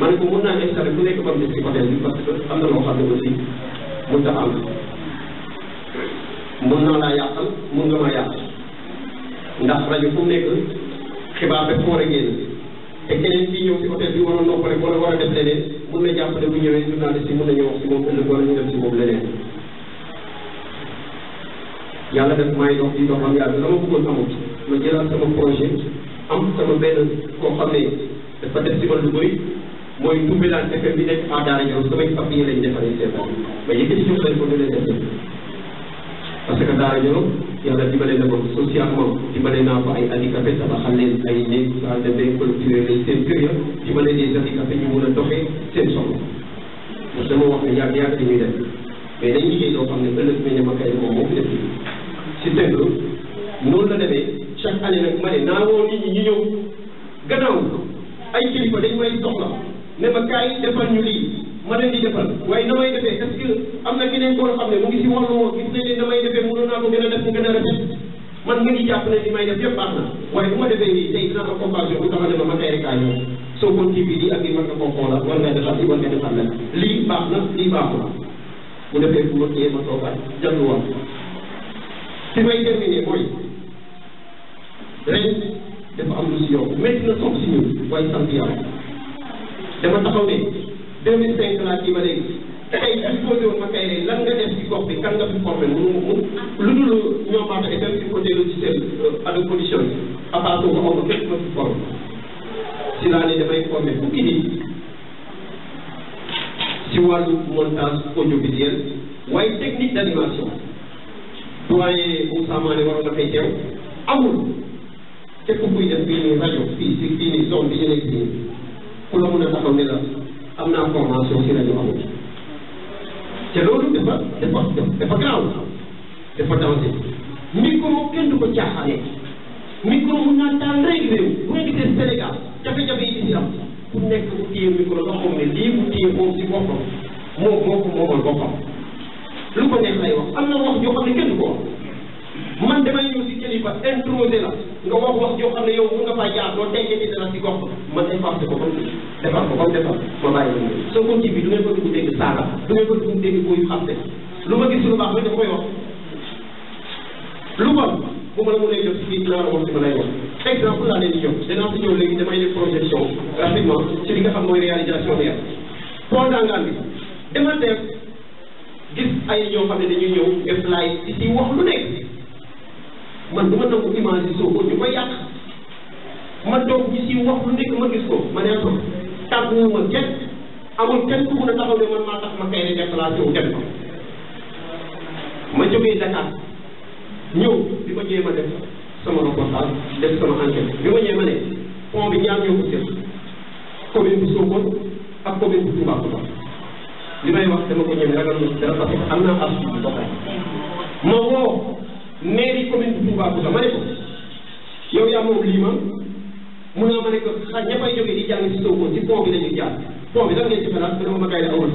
S1: ma ne ko mën naa installé ku nekk ba mu des ci côté bi parce que am na loo xam ne aussi mën ta am mën na la yàqal mën nga ma yàqal ndax rajo fu mu nekk xibaar bépp war a génn te keneen kii ñëw ci hôtel bi war a noppale wala war a def leneen mën na jàpp ne bu ñëwee journaliste yi mën nañu wax si moom ëllëg wala ñu dem si moom leneen yàlla def maa ngi dox di doxam yàlla la ma bëggoon amut ma jëlaat sama projet am sama benn koo xam ne dafa def si man lu bëri mooy tumbilaan FM bi nekk à Daara Nioro samay papier lañ defaree seetaan ba yëkkati jox leen ko ñu leen def
S2: daanaka daara yooyu
S1: yàlla dimbale na ko socialement dimbale naa ko ay handicapé tabaxal leen ay néeg salle de bain clôturé leen seen kër ya dimbale les handicapé ñu mën a doxee seen soxla ndax dama wax ne yàgg yàgg dañuy def mais dañ liggéey loo xam ne ëllëg ñu ne ma kay moom si tënk noonu la naa woo nit ñi ñu ñëw gannaaw ay kilifa dañ may soxla ne ma kaay defal ñu lii ma leen di defal waaye na may defee est-ce que am na keneen koo xam ne mu ngi si wàllu woo gis nañ ne na may defee mënoon naa ko gën a def mu gën a rafet man nga ngi jàpp ne li may def yëpp baax na waaye bu ma defee nii tey dina ko compassion bu tax a ne ma ma tey rek a ñëw soo ko TV di ak li mën nga koo xoolal war nga defal li war nga defal la lii baax na lii baaxul bu defee bu ma téye ma toogaat jàlluwaat si may terminer mooy ren dafa am lu si yow métti na toog si ñun waaye sant yàlla dama taxaw ne 2005 laa kii ba léegi tey bi posé woon ma kay léegi lan nga def ci gox bi kan nga fi formé mënu ma ko lu dul ñoom maa ngi dem ci côté logiciel à euh, la condition bi ma kenn ma fi formé si laa ne damay formé fukki nit si wàllu montage audiovisuel waaye technique d'animation doyen Moussa Mané waroon na fay teew amul képp kuy def fii nii rajo fii si am naa formation si rajo amul te loolu dafa dafa dafa garaaw dafa danger micro moom kenn du ko caaxaane micro mun naa taal rek réew bu nga gisee Sénégal jafe-jafe yi di si am ku nekk ku téye micro nga xam ne lii mu téye moom si boppam moom moo ko moomal boppam lu ko neex lay wax am na wax yoo xam ne kenn du ko wax man damay ñëw si kilifa introsé la nga wax wax joo xam ne yow mun nga faa jaar doo dencee ci dara si gox man effacé ko ba mu defar ko ba mu defar ma bàyyi ko soo ko ci bi du ngeen bëgg mu dégg saaga du ngeen bëgg mu dégg booy xam te lu ma gis lu baax ma def koy wax lu bon bu ma la mënee jot si la war a wax si ma lay wax exemple laa leen di jox danaa si ñëw léegi damay def projection rapidement ci li nga xam mooy réalisation bi yàlla pont d'Anglade bi dama def gis ay ñoo xam ne dañuy ñëw def laay di si wax lu nekk man dama nangu image yi soo ko ñu koy yàq ma toog ñu si wax lu nekk ma gis ko ma ne ko tàgguwu ma kenn amul kenn ku mun a taxaw ne man maa tax ma kay ne déplacé wu dem ko ma jógee Dakar ñëw bi ma jéem a def sama reportage def sama enquête ma jéem a ne pont bi ñaar ñoo ko seet commune bu Sokone ak commune bu Toubacouta li may wax dama ko ñëw ragal na dara parce que am naa as ma woo mairie commune bu Toubacouta ma ne ko yow yaa moom lii ma mun naa ma ne ko xaj ña fay jógee di jàng ci Sokone ci pont bi la ñuy jaar pont bi lan ngeen ci xalaat dama ma kay la awoon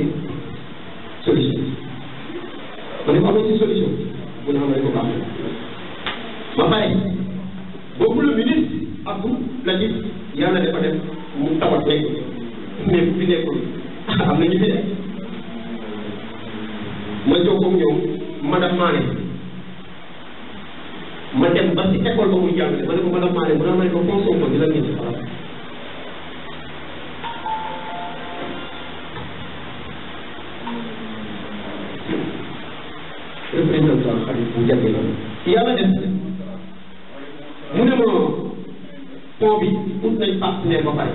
S1: solution ma ne ko amoon ci solution mun naa ma ko baax ma pare boobu le ministre Abdou Latif yàlla dafa def mu tawat nekkul nekk fi nekkul am na ñu fi def ma jokkoo ak ñoom madame ma dem ba si école ba muy jàngale ma ne ko madame Mané mu ne ma ne ko foo Sonko di la ngeen si xalaat représentant xarit bu jàngee loolu ne ma pare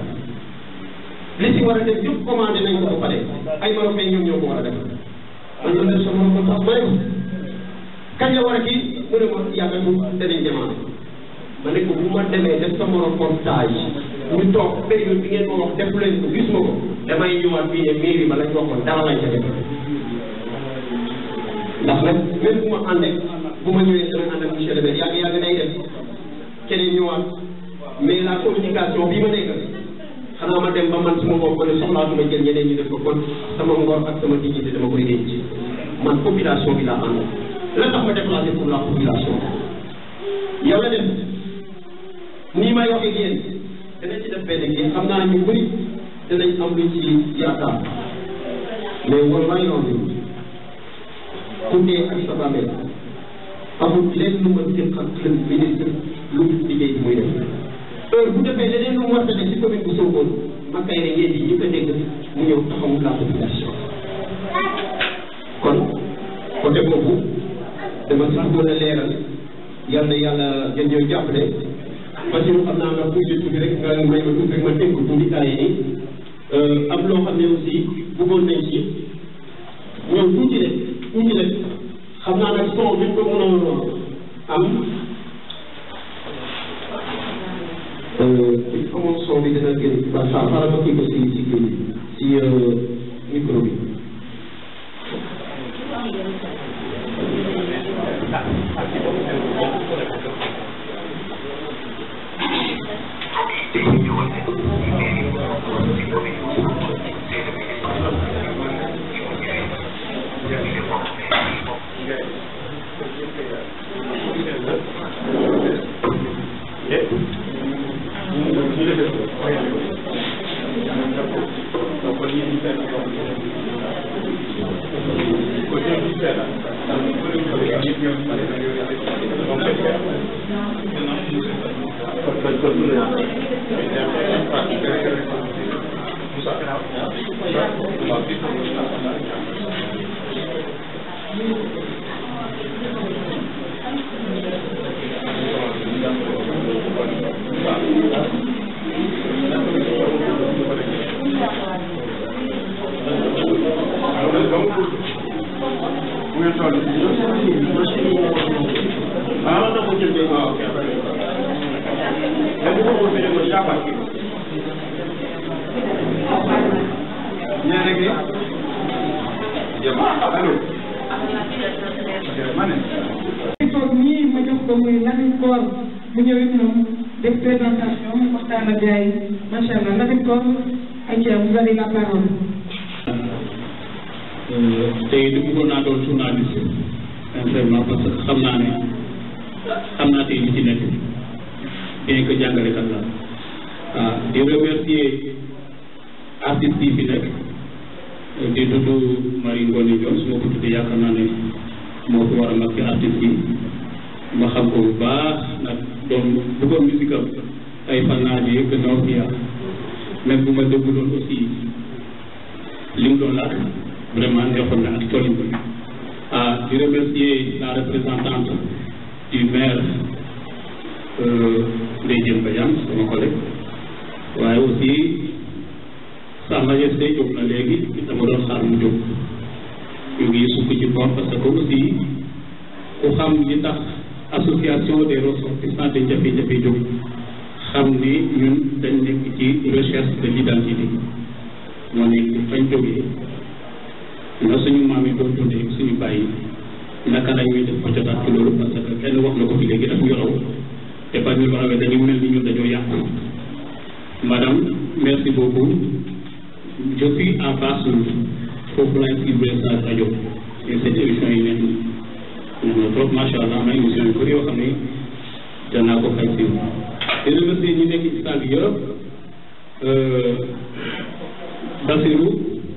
S1: li ci war a def yëpp commandé nañ ko ba pare ay marocain ñoom ñoo ko man ma ne sama ko tax ma ne mu ne ma yàlla bu demee jamono ma ne ko bu ma demee def sama reportage ñu toog période bi ngeen ma wax def leen ko gis ma ko damay ñëwaat fii ne mairie ba lañ waxoon dara lañ ca def ndax nag même bu ma ànd ak bu ma ñëwee sama ànd ak monsieur le maire yàgg yàgg day def keneen ñëwaat mais la communication bii ma nekk xanaa ma dem ba man suma bopp ma ne soxlaatuma jël ñeneen ñu def ko kon sama ngor ak sama dignité dama koy denc man population bi laa àndal la tax ma déplacé pour la population yow la dem nii may waxee yéen danañ ci def benn kii xam naa ñu bëri danañ am lu ci yaakaar
S2: mais war maa yoon bi
S1: ku dee ak sa bàmmeel amul lenn lu ma séq ak le ministre lu liggéey bi muy def heure bu defee leneen lu mu war a def ci commune bu Sokone ma kay ne yéen yi ñu ko dégg mu ñëw taxawu la population kon dama si bëggoon a leeral yal na yàlla ngeen ñëw jàppale Bassirou xam naa nga tuuti tuuti rek nga may ma tuuti rek ma tënk tuuti taa yi nii am loo xam ne aussi bëggoon nañ ci ñëw tuuti rek tuuti rek xam naa nag son bi ko mën a am il faut que son bi dina gën ba saafara ma kii ko si si si micro bi merci beaucoup je suis en face foofu laay suivre sa rajo et cette émission nekk moom trop macha allah may émission yu bëri yoo xam ne danaa ko fay si di remercier nekk ci salle bi yëpp euh, Basirou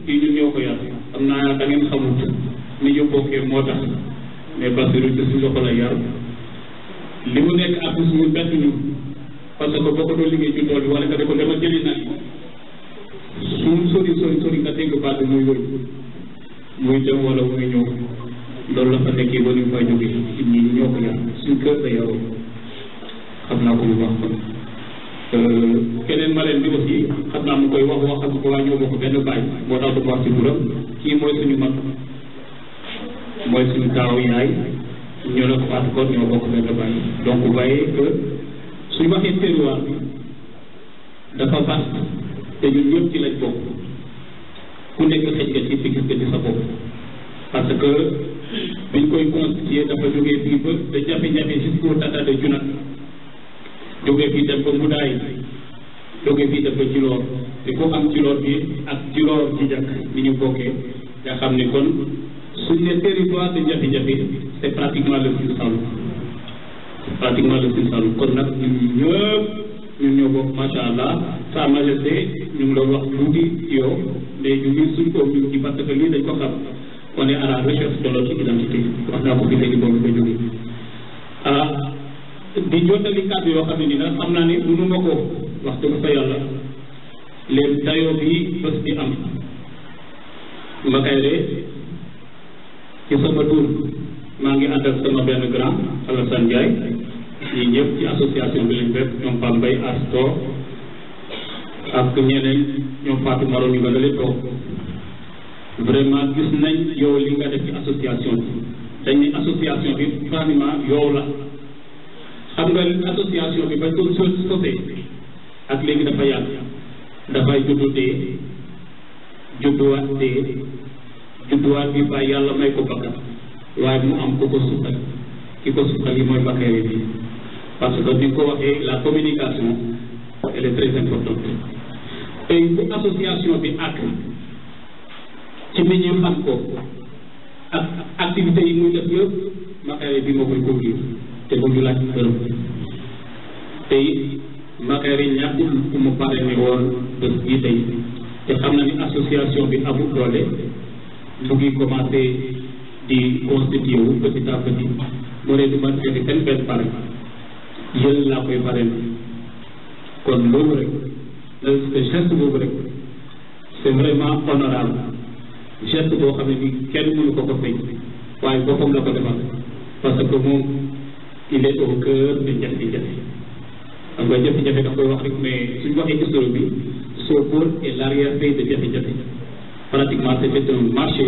S1: kii ñun ñoo ko yar xam naa da ngeen xamut ni ñu bokkee moo tax mais Basirou la yar li mu nekk ak suñu bett ñu parce que boo ko doon liggéey bi wala nga ne ko dama jëli nag su mu sori sori sori nga dégg baat bi muy wëñ muy dem wala muy loolu la fa nekkee ba ñu fay jógee nit ñi ñoo ko yar suñ kër la yaroo xam naa ko bu baax kon euh, keneen ma leen bi aussi xam mu ko wax wax xam ko waa ñoo bokk benn baay moo tax du ko wax ci turam kii mooy suñu mag mooy suñu taaw yaay ñoo la ko faatu kon ñoo bokk benn baay donc bàyyi que suñ waxee terroir bi dafa vaste te ñun ñëpp ci lañ bokk ku nekk xëj nga ci fi gis nga ci sa bopp parce que biñ koy constituer dafa jógee fii ba da jafe-jafe jusqu'au Tata de Junat jógee fii dem ba Mbudaay jógee fii dem ba Djilor te ku am Djilor bi ak Djilor ci jàkk ni ñu bokkee nga xam ne kon suñ ne territoire de jafe-jafe c'est pratiquement le plus simple pratiquement le Sine Saloum kon nag ñun ñëpp ñun allah sa majesté ñu ngi doon wax lu ngi yow mais ñu ngi suñ ko lii dañ ko xam on est à la recherche de notre identité wax naa ko fi léegi boobu ko jógee ah di jottali kàddu yoo xam ni nag xam naa ne mënu ma ko wax dëgg fa yàlla leen dayoo bi bés di am Mbacare ci sama mangke ada Sumatera Negara salah sanjay injep di asosiasi Bilimbet yang pambai asto akhirnya lain yang Fatim Maroni badal itu vraiment gis nañ yow li nga def ci association bi dañ ne association bi vraiment yow la xam nga association bi ba ko sosé ak léegi dafa yàgg bayar juddu dee judduwaat waaye mu am ku ko suqal ki ko suqal yi mooy Bakary bi parce que bi ko waxee la communication elle est très importante tey bu association bi ak ci ni ñu xam ko ak activité yi muy def yëpp Bakary bi moo koy couvrir te bu ñu laaj bërëb tey Bakary ñàkkul ku mu pare ne woon bés bii tey te xam na ni association bi amul doole mu ngi commencé di constitué wu petit à petit moo ne du ma seeti kenn benn pare yéen laa koy pareel kon loolu rek le euh, geste boobu rek c'est vraiment honorable geste boo xam ne ni kenn mënu ko ko fay waaye boppam la ko defal parce que moom il est au cœur des jafe-jafe xam nga jafe-jafe da koy wax rek mais suñu waxee historique bi Sopor est l'arrière-pays de jafe-jafe pratiquement c'était un marché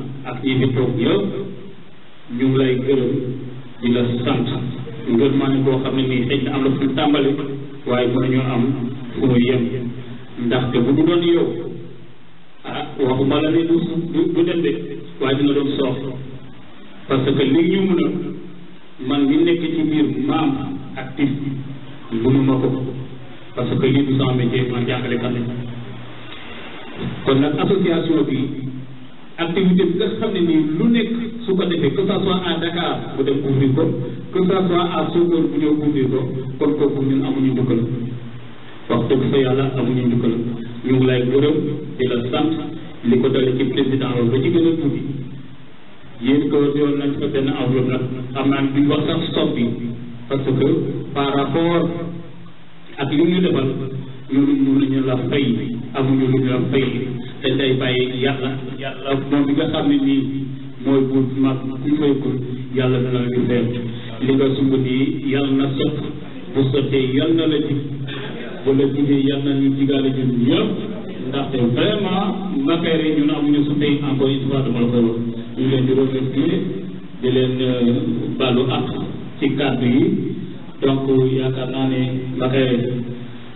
S1: ak ñi fi toog yëpp ñu lay gërëm di la sant ngër maa ne koo xam ne nii xëy na am la fu tàmbali waaye mën nañoo am fu mu yem ndaxte bu du doon yow ah waxuma la ne du du dem de waaye dina doon soox parce que ñu mën a man li nekk ci biir maam active mënuma ko parce que lii du sama métier man jàngale kat kon nag association bi activité bi nga xam ne nii lu nekk su ko defee que ça soit à Dakar mu dem couvrir ko que ça soit à Sokone mu ko kon kooku ñun amuñu njukkal wax dëgg fa yàlla amuñu njukkal ñu ngi lay gërëm di la li ko dale ci président wa ba ci gën a tuuti yéen ko doon nañ fa benn enveloppe nag xam naa duñ wax sax stop ak li ñu defal ñooñu mënuñu la fay amuñu lu ñu la fay dañ lay bàyyi yàlla yàlla moom bi nga xam ne nii mooy buur mag ku maykul yàlla dina la di fayal li nga sumb nii yàlla na sot bu sottee yàlla na la dig bu la digee yàlla na ñu digaale ñun ñëpp ndaxte vraiment makayre ñun amuñu su tey encore une fois dama la koy wax ñu leen di remercier di leen euh, baalu ak ci kàddu yi donc yaakaar naa ne makayre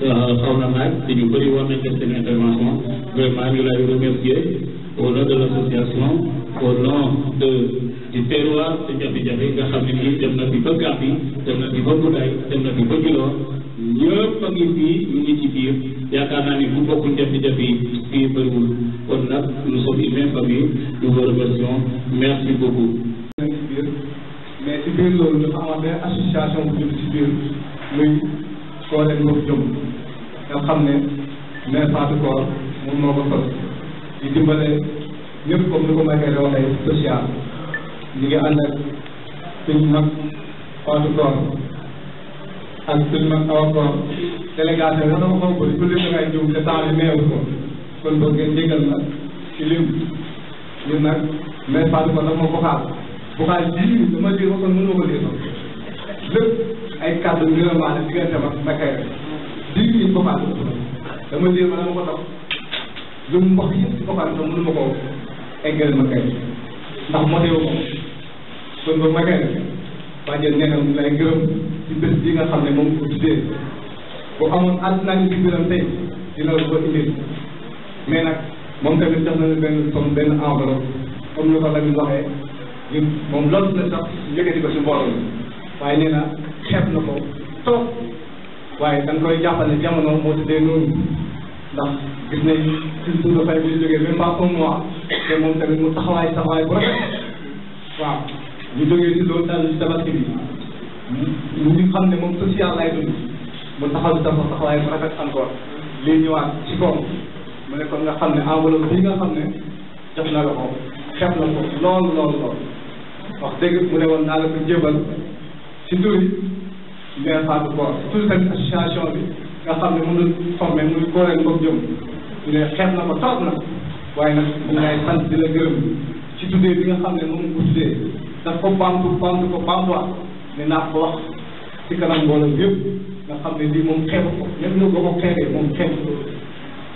S1: Euh, je vous remercie mettre cette au nom de l'association, au nom de du terroir de na de la na de la fi ñu ngi ci biir yaakaar naa ni bu bokkul jafe nous sommes une même famille nous merci beaucoup. mais ci biir loolu dafa association bu jëm ci biir nga xam ne mère Fatou Koor moom moo ko sos di dimbale ñëpp comme ni ko Maguette waxee social ñu ngi ànd ak suñ mag Fatou Koor ak suñ mag Awa Koor délégation bi sax dama xaw ko ku lim da ngay jiw te temps bi meewu ko kon boog ngeen jégal ma ci lim ñun nag mère Fatou Koor dafa ma vocal vocal ji dama dégg ko kon mënuma ko dégg lépp ay kàddu ngërëmaale diggante mag Maguette dix mille boppam dama lire ma dama ko topp lu mu wax yëpp boppam sax mënu ma koo eggal ma kay ndax moté wu ko kon ba ma kay maa jël nekkal mu lay gërëm ci bés bi nga xam ne moom ko tuddee bu amoon àdduna ak bibiram tey dina la ko indil mais nag moom tamit jox nañu benn somme benn enveloppe comme ni ko la ñu waxee o moom loolu la sax yëkkati ko si mbooloo mi waaye nee na xeeb na ko toog waaye dañ koy jàppale jamono moo tuddee noonu ndax gis nañ surtout dafay bu ñu jógee même pas un mois te moom tamit mu taxawaay taxawaay bu rafet waaw ñu jógee si loolu daal si tabaski bi mu ñu xam ne moom social lay dund mu taxaw si taxaw taxawaay bu rafet encore lii ñëwaat ci koom mu ne kon nga xam ne enveloppe bii nga xam ne jox na la ko xeeb la ko lool lool lool wax dëgg mu ne woon naa la ko jébal si tur yi bien fàttali ko surtout seen association bi nga xam ne mënul formé muy kóoleel koog jëm ñu ne xeet na ko toog na waaye nag ñu ngi lay sant di la gërëm ci tuddee bi nga xam ne moom ko tuddee daf ko bamtu bamtu ko bamtuwaat ne naa ko wax ci kanam mbooloo yëpp nga xam ne lii moom xeebu ko ñëpp ñu ko ko xeebee moom ko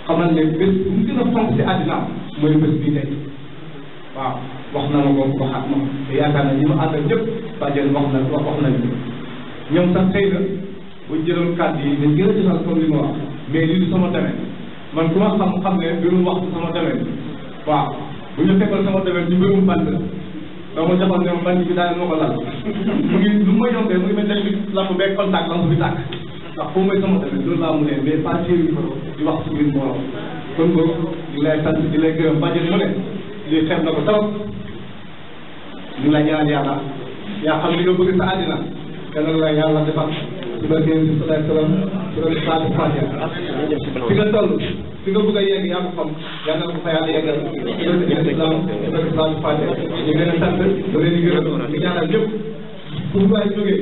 S1: xamal ne bés bu mu gën a fonk si àddinaam mooy bés bii tey waaw wax na ma ko waxaat ma te yaakaar na ñi ma àndal ñëpp bàjjen wax na wax wax nañu ñoom sax xëy na buñ jëloon kàddu yi dañ gën a jotal comme li ma wax mais lii du sama domaine man ku ma xam xam ne mbirum wax sama domaine waaw bu ñu fekkoon sama domaine ci mbirum bant dama joxoon ne ma bant bi daal moo ko lal mu ngi lu ma yombee mu ngi mel ne lamp bee contact lamp bi tàkk ndax foofu mooy sama domaine loolu laa mu ne mais pas ci micro di wax ci biir morom kon boobu di lay sant di lay gërëm bàjjen mu ne lii xeeb na ko taw ñu ngi lay ñaan yàlla yaa xam li nga bëgg sa àddina yàlla la yàlla defal ci barke bi salaay salaam ci barke Sadio Fatia fi nga toll fi nga bëgg a yegg yaa ko xam yàlla na ko fa yàlla yeggal ci barke islam ci barke Sadio Fatia ñu ngi leen a sant ñu leen di gërëm di ñaanal ñëpp fu mu waay jógee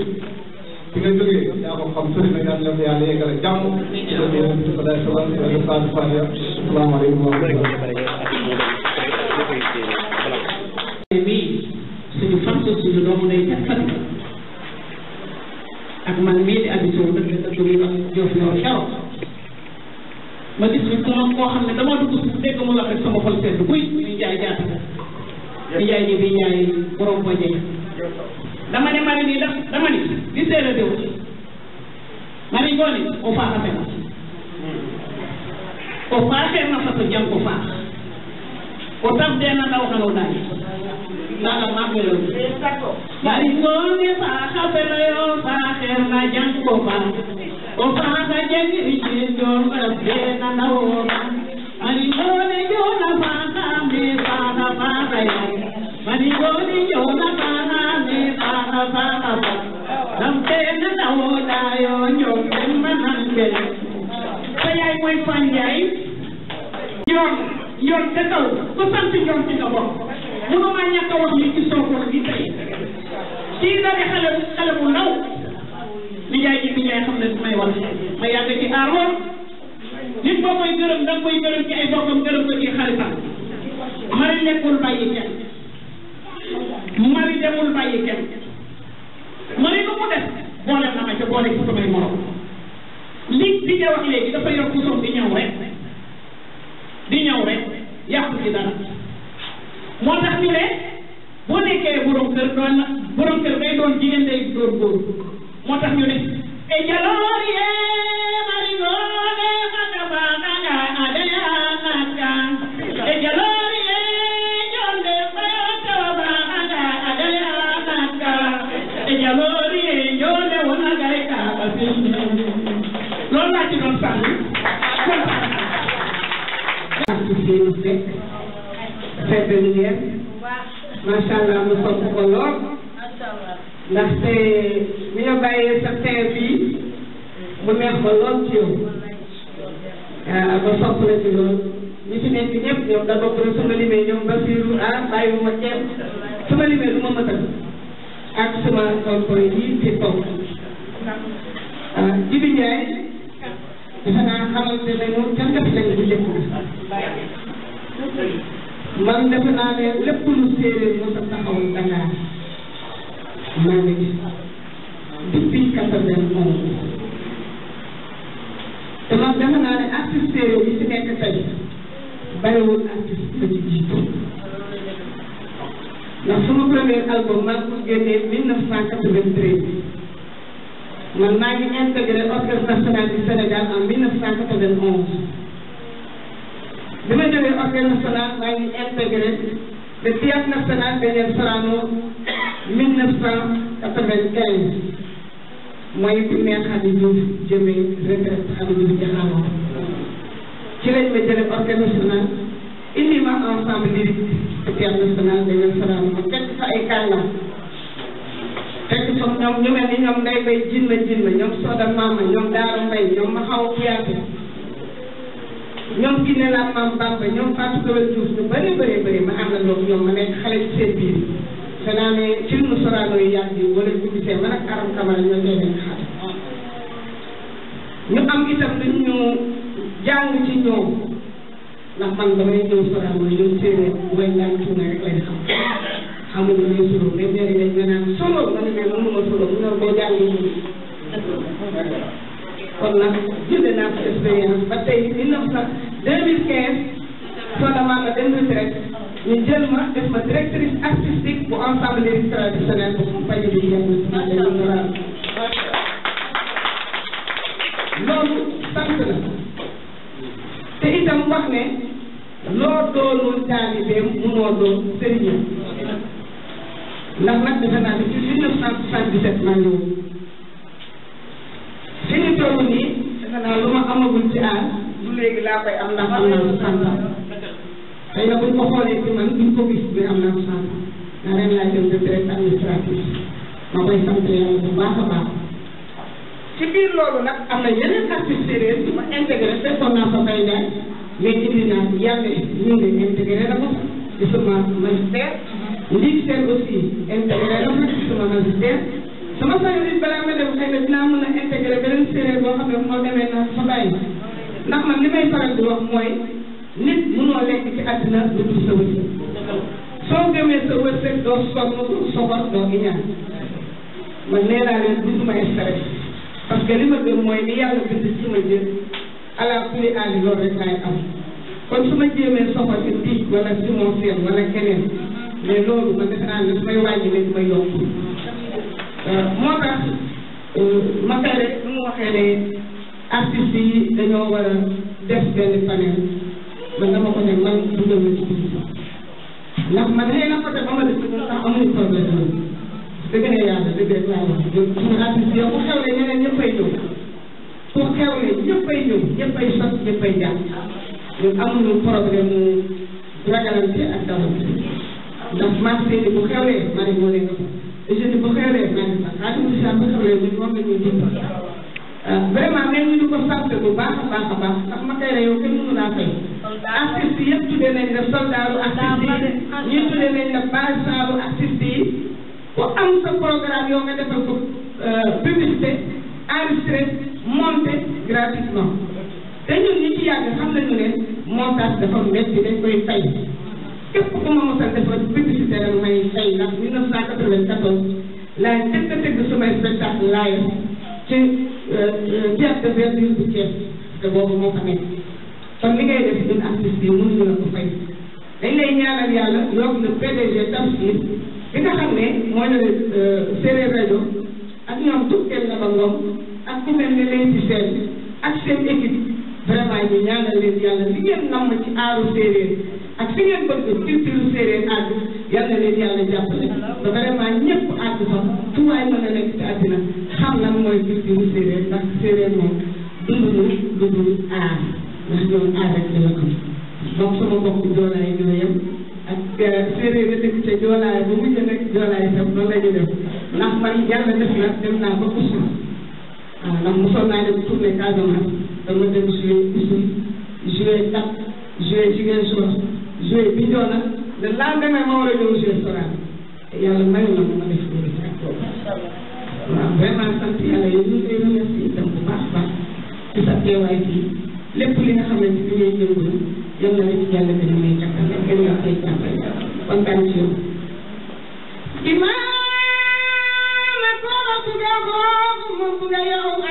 S1: fi nga jógee yaa ko xam sori na yàlla na ko yàlla yeggal ak jàmm ci barke bi salaay salaam ci barke Sadio Fatia asalaamaaleykum wa rahmatulah. suñu fan suñu doomu day ak man mii di Aby Sow dëkk dëkk bu ñuy wax Diofior Thiaw ma gis fi sama koo xam ne damaa dugg suuf dégg mu la rek sama xol sedd buy ñuy jaay jaata di jaay ñi di jaay borom boo jege dama ne ma ne nii da dama ni di teel a déw ma ni ngoone o faaxa fema o faaxee ma fatu jàng ko faax otabdena ndaw hanonani naga maɓɓelo bari sone saxa feleyo saxerna jang kopa o saxa jangirijenjon rabdena ndawona ani one jona mi me faxa faxaya mani one jona faxa me faxa faxa fa na tena ndawoɗayo njom denmananke sa yay moy fanjay jom yoon te taw ba sant ñoom ci nga bokk mënuma ñàkk a wax li ci Sokone bi tey kii dane xale xale bu ndaw li jaay ji bi ñaay xam ne su may wax ma yàgg ci aar lool nit boo koy gërëm da nga koy gërëm ci ay bokkam gërëm ko ci xaritam mari nekkul bàyyi kenn mari demul bàyyi kenn mari lu mu def boole na ma ca boole fu ko may morom li di nga wax léegi dafa yor pusoom di ñëw rek di ñëw rek yàqu ci dara moo tax ñu ne boo nekkee borom kër doon na borom kër day doon jigéen day doon góor moo tax ñu ne e jaloori e mari ngoone maka baa nga nga adee amaka e jaloori
S2: Ousseynou Seck fête de
S1: Linguère macha allah mu sopp ko lool ndaxte mi nga bàyyee sa teint bi mu neex ko lool ci yow waaw ba sopp la ci lool ñi fi nekk ñëpp ñoom da bokk na su ma limee ñoom Basiru ah bàyyi ma kenn su ma limee du ma mëtal ak suma tonton yi ci kaw ah Jibi Ndiaye defe naa xamante ne moom kenn def nañu bu njëkk man defe naa ne lépp lu séeréer moo tax taxaw Dakar maa ngi gis
S2: depuis quatre-vingt-onze
S1: te man naa ne artiste séeréer yi ci bariwul artiste ba ci jiitu ndax sunu premier album maa ngi ko génnee mille neuf cent quatre-vingt-treize man maa ngi intégré orchestre national du Sénégal en mille neuf cent quatre vingt bi ma ñëwee Orfèvre National maa ngi intégré le théâtre national Daniel Sorano 1995 mooy bi maire Khady Diouf jëmee retraite Khady Diouf jaxaanoo ci lañ ma jëlee Orfèvre National indi ma ensemble lyrique le théâtre national Daniel Sorano ma fekk fa ay kàllam fekk fa ñoom ñu mel ni ñoom nday bay jin ma jin ma ñoom Soda Mama ñoom Daara Mbaye ñoom ma xaw a ñoom Kiné Lam Maam Bamba ñoom Fatou Sowel Diouf ñu bëree bëri bëri ma àndal loolu ñoom ma nekk xale ci seen biir te naa ne film Sorano yi yàgg yi wala bu gisee man ak Aram Camara ñoo koy nekk xale. ñu am itam lu ñu jàng ci ñoom ndax man damay ñëw Sorano ñëw séeréer bu may ñaan tuuna rek lañ xam xamul lu ñuy solo mais léeg-léeg nga naan solo ma ne leen mënuma solo mu ne boo jàngee ñu. kon nag jëlee naa ko expérience ba tey mille neuf cent deux mille quinze soo demaa nga dem retraite ñu jël ma def ma directrice artistique bu ensemble lyrique traditionnel bu compagnie bi yëngu des rural loolu sant la te itam wax ne loo doonul taalibeem munoo doon sëriñam ndax nag defe naa ne ci mille neuf fi ñu toll nii defe naa lu ma amagul ci aan lu léegi laa koy am ndax am naa ko cent ans xëy na buñ ko xoolee ci man buñ ko gis bi am naa ko cent ans ndax ren laa jëm retraite administrative ma koy sant yàlla bu baax a baax ci biir loolu nag am na yeneen artiste séeréer yu ma intégré fekkoon naa fa fay daal mais indi naa yàlla ñu ngi intégré na ko ci sama magistère ndig seen aussi intégré na ko ci sama magistère dama soxla nit balaa ma dem xëy na dinaa mën a intégré beneen séeréer boo xam ne moo demee na fa bàyyi ndax man li may faral di wax mooy nit mënoo lekk ci àddina lu dul sa wërsëg soo gëmee sa wërsëg doo sonn doo soxor doo ñaan man nee naa leen dunduma stress parce que li ma gëm mooy li yàlla bind ci ma jël ala kulli aali loolu rek laay am kon su ma jéemee soxor ci diig wala ci mon seen wala keneen mais loolu man defe naa ne su may wàññi rek ma yokk moo tax euh, ma tey rek bu mu waxee ne artistes yi dañoo war a def benn panel man dama ko ne man dugal na ci biir ndax man xëy na côté ba ma def ko sax amuñu problème loolu dëgg na yàlla dëgg rek laa wax suñu artistes yi ku xewle ñeneen ñëppay ñëw ku xewle ñëppay ñëw ñëppay sot ñëppay jàpp ñun amuñu problème mu ragalante ak dawante ndax marché bi bu xewlee ma ne moo leen et je ne pourrais rien même parce que ak monsieur Amady Sow yooyu moom la ñuy dimbali vraiment mais ñu ngi ko sant bu baax a baax a baax ndax Makayre yow kenn mënu laa fay artistes yëpp tuddee nañ la soldaaru artistes yi ñëpp tuddee nañ la basaaru artistes yi ku am sa programme yow nga defal ko eh, publicité enregistré monté gratuitement te ñun ñi ci yàgg xam nañu ne montage dafa métti dañ koy fay. képp ku ma mos a defoon publicité la may fay ndax 1994 laay tëgg a tëgg sumay spectacle laay ci euh, euh, théâtre de verdure bu Thiès te boobu moo fa nekk kon li ngay def ñun artiste yi mënuñu la ko fay dañ lay ñaanal yàlla yokk le PDG Tamsir bi nga xam ne moo ne euh, Séeréer rajo ak ñoom tukkeel na ba ngoom ak ku mel ne leen ci seen ak seen équipe vraiment ñu ñaanal leen yàlla li ngeen namm ci aaru séeréer ak fi ngeen bëgg culture séeréer àgg yal na leen yàlla jàppale ba vraiment ñëpp àgg fa fu waay mën a nekk ci àddina xam lan mooy culture séeréer ndax séeréer moom dunduñu lu dul aar ndax ñoom aar rek la ko donc sama mbokk joolaay ñoo yem ak euh, séeréer yi dëkk ca joolaay ba mujj nekk joolaay tam noonu la ñu def ndax man yàlla def na dem naa ba Oussou waaw ah, ndax mosoon naa dem tournée Casamance dama dem joué Oussou joué Dak joué Ziguinchor joué bi doon nag le lendemain ma war a ñëw joué Sorano te yàlla may na ma ma def ko def ak boobu waaw vraiment sant yàlla yéen ñu ngi koy remercier itam bu baax baax ci sa teewaay fii lépp li nga xamante ni ngay yëngu la na la ci yàlla gën a may kattan ak gën la koy jàppale kontaan ci yow imaam la ko la bëgg a bokk mu bëgg a yow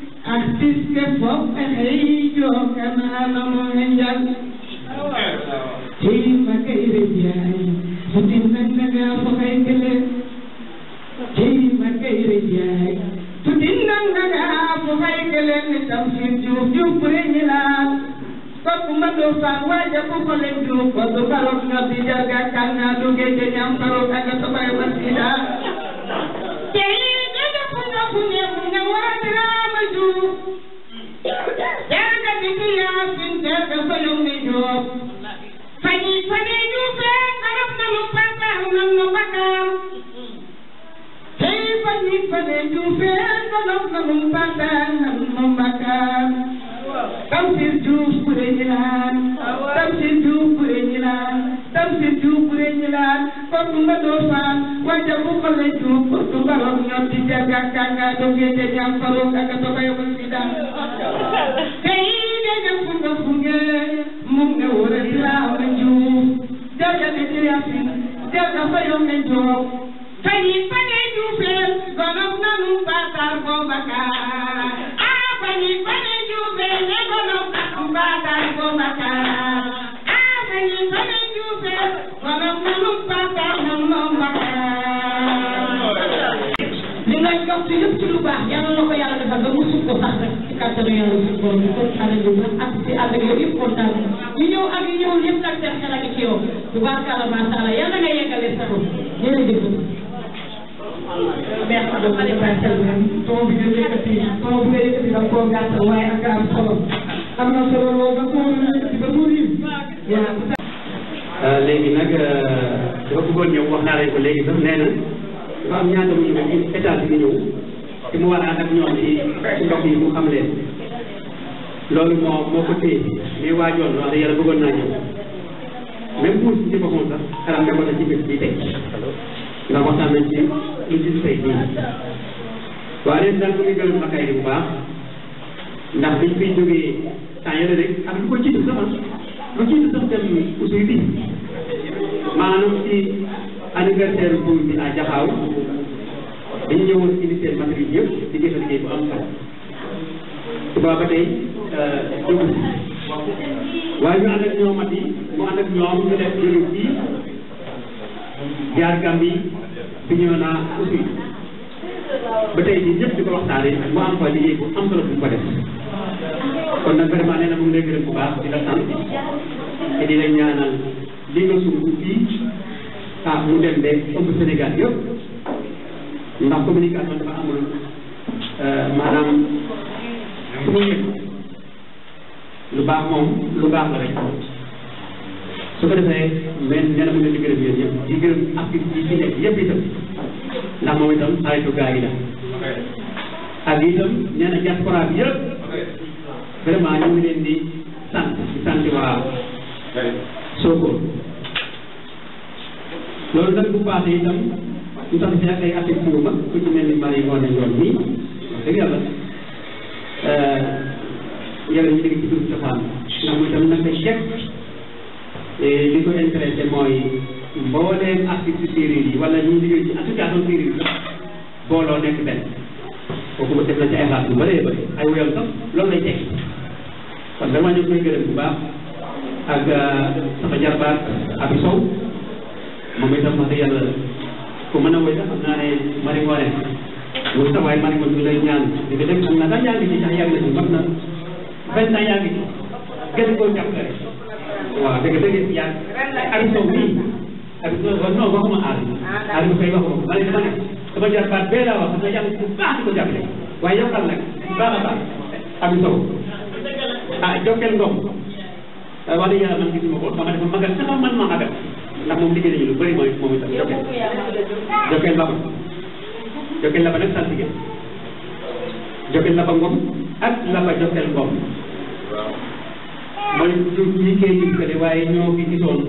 S1: artiste foofu xëy joo kanaana mu ngi njal kii ma kay de jaay futi nanga gaa fo kay kele kii ma kay de jaay futi nanga gaa fo kay kele ni taw si juuf juuf bu re ñilaal kooku ma do faan waaja ko ko leen juuf ko du barok na bi jarga kan naa du géej ñam barok ak a sobay ba siidaa Tafsir Diouf Touré ñi naan Tafsir Diouf Touré ñi naan samsi juub bu rëy ñilaan fokk nga doo faal wàcce bu xole juub su barok ñoom di jaga kanga dogete ñam faroo kanga tokayo ko si daan kay ah, daga funga funge mum ne wara dilaaw na juub jaga ne jirafi jaga fayo ne joob kay pane juubeel gonok nanu baatar ko bakar a pani pane juubeel ne gonok nanu baatar ko bakar kattanu yàlla suñu borom ñu kontaan ñu bu ak si ànd ak yow yëpp kontaan ñu ñëw ak ñu ñëw yëpp nag seen xel ak ci yow tubaarkàlla macha allah yàlla nga yeggale sa bopp jërëjëf mais xam nga ne bàyyi xel nga sama bi nga yëkkati sama bu nga yëkkati da koo gàttal waaye ak nga am solo am Euh, léegi nag euh, dafa bëggoon ñëw wax naa leen ko léegi sax nee na dafa am ñaata ñu ne état bi ñëw te mu war a ànd ak ñoom ci ci ndox yi mu xam leen loolu moo moo ko téye mais waajoon wax dëgg yàlla bëggoon naa ñëw même buur si ci boppam sax xalaat demoon na ci bés bi tey ndax waxtaan nañ ci lu ci tey nii waaye leen daal ko ngi gërëm akay bu baax ndax biñ fiy jógee temps yële rek ak lu ko jiitu sax lu jiitu sax dem usuy bi maanaam ci anniversaire buur bi à Jaxaaw dañu ñëwoon indi seen matériel yëpp di gëfa liggéey bu am solo subaa ba tey jógu euh, waaye ñu ànd ak jaar Gàmbi bi ñëw ba tey jii ñëpp di ko waxtaanee mu am fa liggéey bu am solo bu mu ko def kon nag vraiment nee na mu ngi lay gërëm bu baax di la sant te di la ñaanal li nga sumb fii ah mu dem de ëpp Sénégal yëpp ndax communication dafa amul euh, maanaam lu yëg lu baax moom lu baax la rek. su ko defee mais nee na mu di gërëm yéen di gërëm activité yi ci nekk yëpp itam ndax moom itam xaritu gaa yi la ak itam nee na diaspora bi yëpp vraiment ñu ngi leen di sant di sant waa Sokone loolu nag bu paasee itam ñu sant si ak ay ati pour ma ku ci mel ni mari moo ne loolu nii wax dëgg yàlla euh, yàlla ñu dégg ci tur cosaan ndax mooy itam li eh, ko intéressé mooy mbooleem artiste séeréer yi wala ñu liggéey ci association séeréer yi sax booloo nekk benn kooku ba def na ci ay xalaat bu bëree bëri ay woyal sax loolu lay tekki kon vraiment ñu koy gërëm bu baax ak euh, sama jarbaat Abi Sow moom itam wax dëgg yàlla ku mën a woy sax xam naa ne mari moo nekk loolu sax waaye mari ñu lay ñaan di ko def xam naa daa yaa ngi ci sax yàgg na ci wax na vingt ans yaa ngi ci gën koo jàppale waaw dëgg dëgg si yàlla. ren la Habib Sow mii Habib Sow non waxuma Aliou. Aliou Faye waxuma ma ne dama ne dama jar baat bee laa wax dama jàpp bu baax di ko jàppale waaye yokkal nag bu baax a baax Habib Sow ah jokkeel ndox wax dëgg yàlla man gisuma ko sama dafa magal sama man ma magal ndax moom liggéey nañu lu bëri mooy moom itam jokkeel jokkeel la ba jokkeel la ba nag saltige jokkeel la ba ngom ak la ba jokkeel ngom mooy du ñi koy dimbale waaye ñoo fi gisoon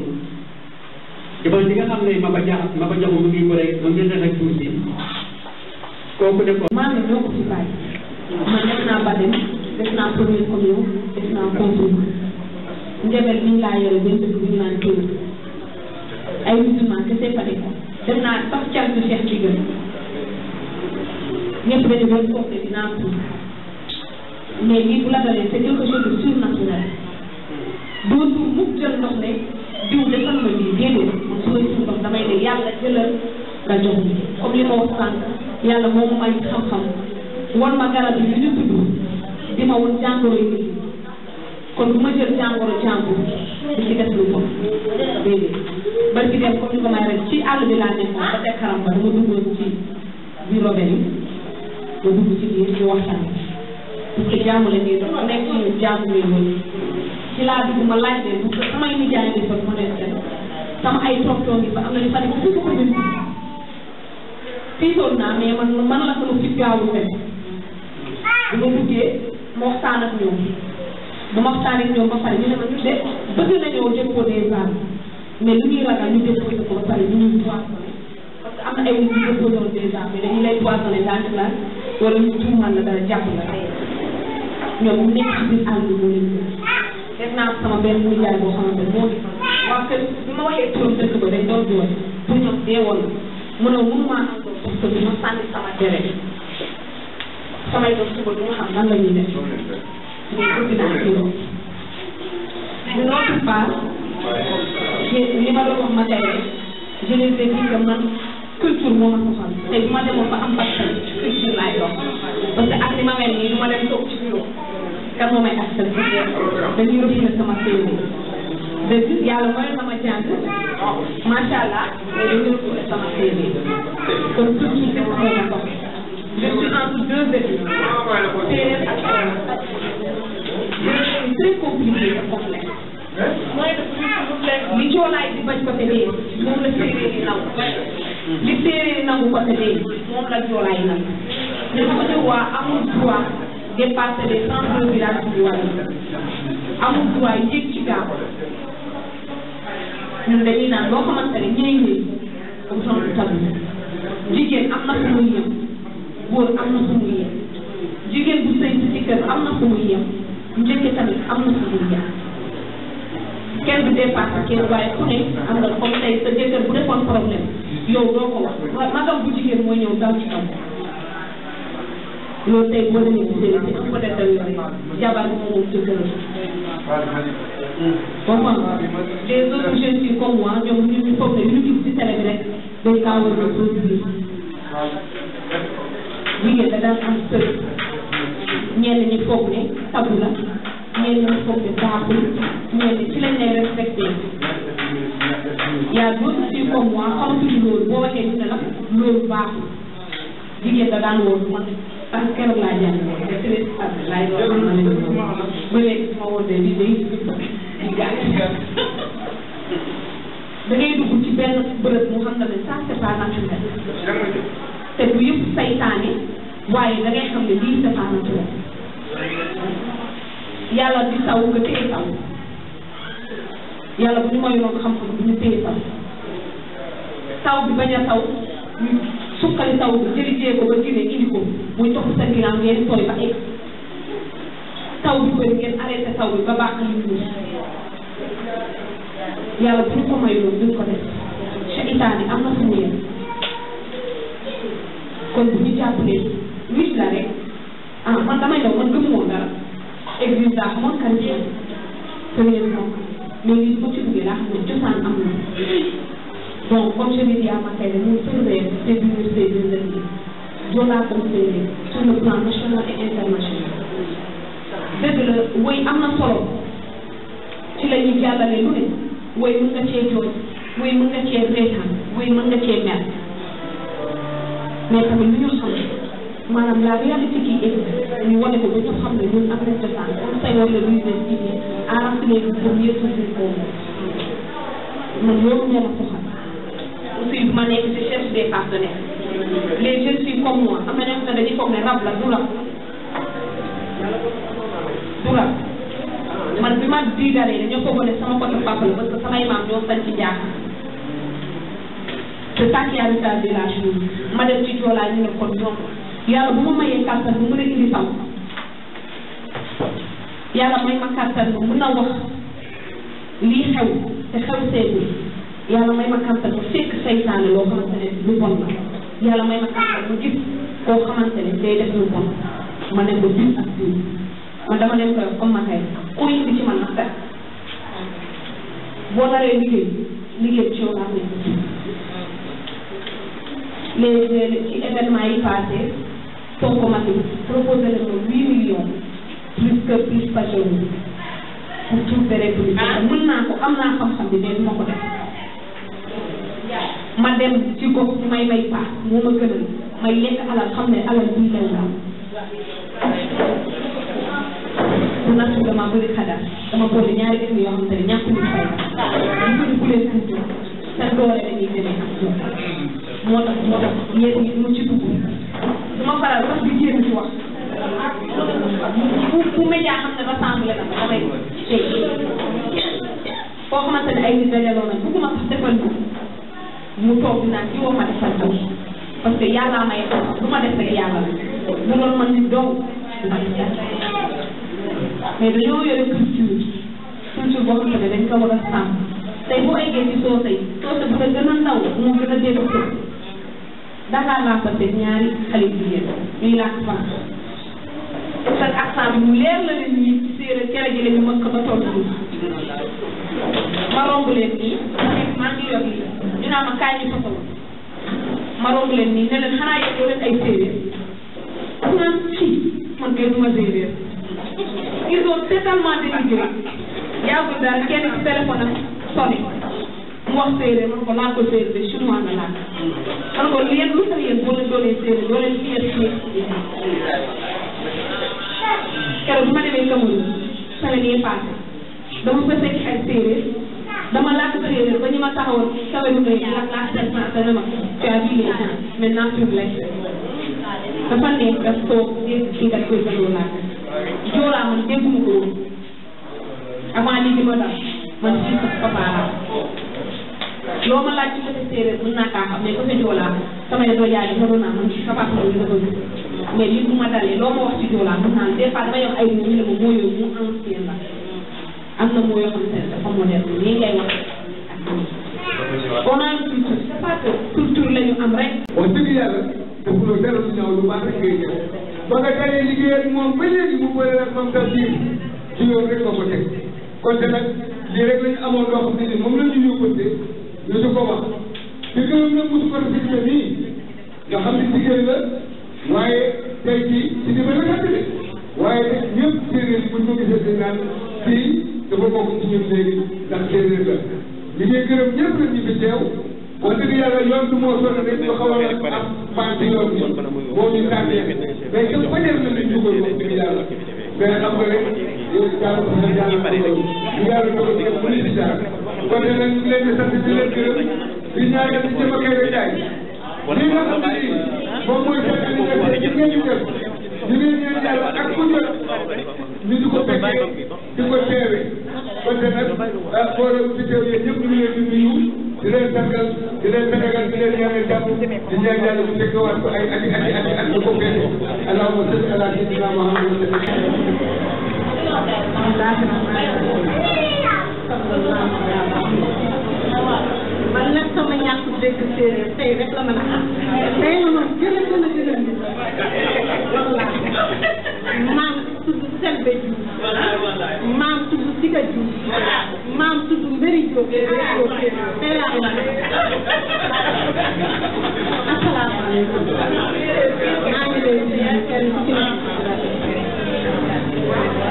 S1: jamono ji nga xam ne ma ba jax ma ba jaxu mu ngi ko rek mu ngi leen ak tuuti kooku ne ko. maa ngi ñoo ko ci bàyyi man def naa baptême def naa première communion def naa confirmation njëbel bi ñu laa yore benn dëkk bu ñu naan tur ay musulman kese fa nekk def naa sax càrtu Cheikh bi gën ñëpp dañu doon foog ne dinaa tuuti mais lii bu la dalee c'est quelque chose de surnaturel doo du mukk jël ndox ne diw defal ma lii déedéet man su may suuf ndox damay ne yàlla jëlal nga jox mi comme li ma wax sànq yàlla moomu may xam-xam wan ma garab yi ñu tudd di ma won jàngoro yi kon bu ma jël jàngoro jàngoro di ci def lu ko déedéet barki dem comme ni ko may rek ci àll bi laa nekkoon ba teg karam ba dama duggoon ci biir robin yi ma dugg ci biir ñu waxtaan parce que jaamu la ñuy dox nekk ñu jaamu lay wëñ ci laa dugg ma laaj leen parce que samay nijaay ngi fa ma leen kenn sama ay tontoo ngi fa am na ñu fa ne bu ko bëgg tiitoon naa mais man man la sama fit gaawul mel bu ma duggee ma waxtaan ak ñoom ba ma waxtaan ak ñoom ba pare ñu ne ma ñu de bëgg nañoo dépôt des armes mais lu ñuy ragal ñu déposé ko ba pare ñu ñuy poissonné parce que am na ay nit ñu déposé woon des armes mais dañu lay poissonné dans la wala ñu tuumal la dara jàpp la ñoom mu nekk ci biir àll bi moo leen dem naa sama benn nijaay boo xamante ne moo di waa kër bi ma waxee turam dëkk ba dañ doon jooy bu ñoom deewoon mu ne mënuma am doom parce que bi ma sànni sama deret samay doom suba du ma xam nan la ñuy def mais bëgg naa ci loolu d'une autre part li ma doon wax ma tey je les ai dit que man culture moo ma soxal te bi ma demoon ba am bàttal culture laay dox parce que ak li ma mel nii du ma dem toog ci bureau kan moo may askan si dañuy na sama séeréer dëgg yàlla mooy na sama séeréer kon tout ci fekk ma topp je suis entre deux dëkk séeréer ak arabe c'est compliqué complexe mooy li coolaay di bañ ko tëddee moom la séeréer yi nangu li séeréer yi nangu ko tëddee moom la coolaay nangu dafa ko ne waa amul dépassé les 32 villages du Wally amul droit yéeg ci gaal
S2: ñun dañuy naan loo xamante ne
S1: ñeneen ñi dafa soxla tabu jigéen am na fu muy yem góor am na fu muy yem jigéen bu sëy ci kër am na fu muy yem njëkk tamit am na fu muy yem kenn du dépassé kenn waaye ku ne am na comme tey sa jëkkër bu defoon problème yow doo ko wax magam bu jigéen mooy ñëw daw ci kaw. loolu tey boo demee ci sëriñ si am ko defal yooyu jabar moom jëkkër comprendre les autres jeunes filles comme moi ñoom ñu ñu foog ne ñu gis ci télé bi rek day gaaw a doon soo jugee jigéen da daan am sër ñenn ñi foog ne tabu la ñenn ñi foog ne baaxul ñenn ci lañ lay respecté yaa d'autres filles comme moi xamatuñu loolu boo waxee ñu ne la loolu baaxul jigéen da daan woon parce que keroog laa jàppale te tamit parce que laay doon xam ne ba léegi su ma wootee lii day di gàtt da ngay dugg ci benn bërëb mu xam ne ça c'est pas naturel te bu yëpp saytaane waaye da ngay xam ne lii c'est pas naturel yàlla di taw nga téye taw yàlla bu ñu mayoon bu ñu téye taw suqali taw bi jëli ko ba Guinée indi ko muy topp sa ginnaaw ngeen tooy ba egg taw bi bëri ngeen arrêté taw bi ba baax li ñu yàlla bu ñu ko may loolu duñ ko def seytaane am na fu mu yem kon bu ñu jàppalee wis la rek ah man damay daw man gëmu woon dara église daa xamoon kan jeex premièrement mais lii boo ci duggee daa xam ne cosaan am na Donc, o je l'ai dit à Macaï, nous tournons ces universités deux années de la conseiller sur le plan national et international. dëgg la woy am na solo ci la ñuy jàllale lu ne woy mën nga cee jooy woy mën nga cee reetaan woy mën nga cee mer mais tamit lu ñu xam maanaam la réalité qui est ñu wane ko ba ñu xam ne ñun am nañ cosaan comme say wala luy des ci biir arrêté les premiers toujours foofu man loolu nee na ko xam suivre ma nekk je cherche des partenaires les jeunes filles comme moi am na ñoo xam ne dañuy foog ne rab la du rab
S2: du rab man bi ma
S1: di daree dañoo foog ne sama côté papa la parce que samay maam ñoo sañ ci jaaxal te sànq yaa ngi tardé la chose ma dem ci joolaa ñu ne kon ñoom yàlla bu ma mayee kàttan bu mën a indi taw yàlla may ma kàttan bu mën a wax lii xew te xew seegul. yàlla may ma kàttan mu fekk saytaane loo xamante ne lu bon la yàlla may ma kàttan mu gis koo xamante ne day def lu bon ma ne ko diw ak diw man dama leen koy comme ma kay ku indi ci man nag fekk boo naree liggéey liggéey ci yow laa nekk ci léegi ci événement yi passé soo ko mati proposé leen ko huit millions plus que plus passion pour tout béréb bi mën naa ko am naa xam-xam bi mais du ma ko def ma dem ci gox ñu may may paax moo ma gënal may lekk alal xam ne alal buy lay la am natt dama bëri xadaar dama boole ñaari kër yoo xam te ne ñàkk ñu fay ñu ko bulee tuuti te doole dañuy demee ak jox moo tax moo tax yéen ñi mu ci dugg dama faral wax di génn ci wax bu bu média xam ne rassemblé na damay tey foo xamante ne ay nit dajaloo na bëgguma sax defal ko mu toog naan ci woo ma defal ko parce que yàlla may lu ma def rek yàlla la bu doon man nit dong du ma def
S2: mais dañoo yore
S1: culture culture boo xam ne dañ ko war a sàmm tey boo eggee ci soose yi soose bu ko gën a ndaw moo gën a développé Dakar laa passé ñaari xale jigéen ñuy làkk français te accent bi mu leer la leen ni séeréer cere ji la ñu mëkk ba toll nii ma romb leen nii maa ngi yor lii naa ma kaay ñu fasal ma romb leen nii ne leen xanaa yéen doo leen ay séeréer xam naa ci man kay du ma séeréer ils ont totalement dénigré yàggul dara kenn ci téléphone am sonné mu wax séeréer man ko laa ko séeréer chinois nga laa man ko lu yéen lu tax yéen boo leen doo leen séeréer doo leen fiyee fiyee keroog bi ma demee Cameroun semaine yee passé dama fa fekk ay séeréer dama làkk séeréer ba ñu ma taxawoon sawe lu may ñaar làkk français na ma tu as vu les gens maintenant tu me laisses dafa neex nga toog dégg si nga koy bëgg làkk joolaa man dégguma ko woon avant lii di ma dal man si sa papa laa loo ma laaj ci côté séeréer mën naa kaa xam mais côté joolaa sama yëngoo yaay la mënoon naa man si sa papa la ko mais lii bu ma dalee loo ma wax ci joolaa mën naa des fois dama yor ay moom ñu ne ma moo yooyu mu ancien la am na moo yoo xam ne dafa moderne nii ngay wax ak nii. on a une culture c'est pas que culture la ñu am rek. wax dëgg yàlla defuloo dara lu ñaaw lu baax rek ngay def ba nga dalee liggéey ak moom ba léegi mu boole rek moom tam biir ci loolu rek nga ko teg kon te nag lii rek la ñu amoon loo xam ne ni moom la ñu yóbbante ñu di ko wax te gërëm na mosu ko rafetlu nii nga xam ne jigéen la waaye tey jii ci li ma la waaye nag ñëpp séeréer yi buñ ko gisee dañ naan fii. dafa bokk ci ñun léegi ndax séeréer la ñu ngi gërëm ñëpp nag ñu fi teew wax dëgg yàlla yoon bi moo sonn rek ñu xaw a am paase yoon bi moo ñu tànnee mais itam fajar na lañ dugal wax dëgg yàlla mais xam nga rek yow jàll na jàll na ñu yàlla dogal ñu mu ni si jaar kon nag ñu ngi leen di sant di leen gërëm di ñaanal di jëm ak ay jaay li nga xam ne nii moom mooy fekk li ngeen di def ñu ngi leen yàlla ak ku jot ñu di ko fekkee di ko teewee côté nag koo fi teew yéen ñëpp ñu ngi leen di nuyu di leen tàggal di leen tàggal di leen ñaanal jàpp di ñaan yàlla bu tekkewaat ko ay ati ati ati at ñu ko fekkee allahumma salli ala sayyidina Muhammad man nag sama ñàkk dégg séeréer tey rek la mën a am tey la ma gën a gën a gën a man tudd Selbé Diouf maam tudd Siga Diouf maam tudd Mbéri Diouf asalaamaaleykum maa ngi lay nuyu kenn ku ci nekk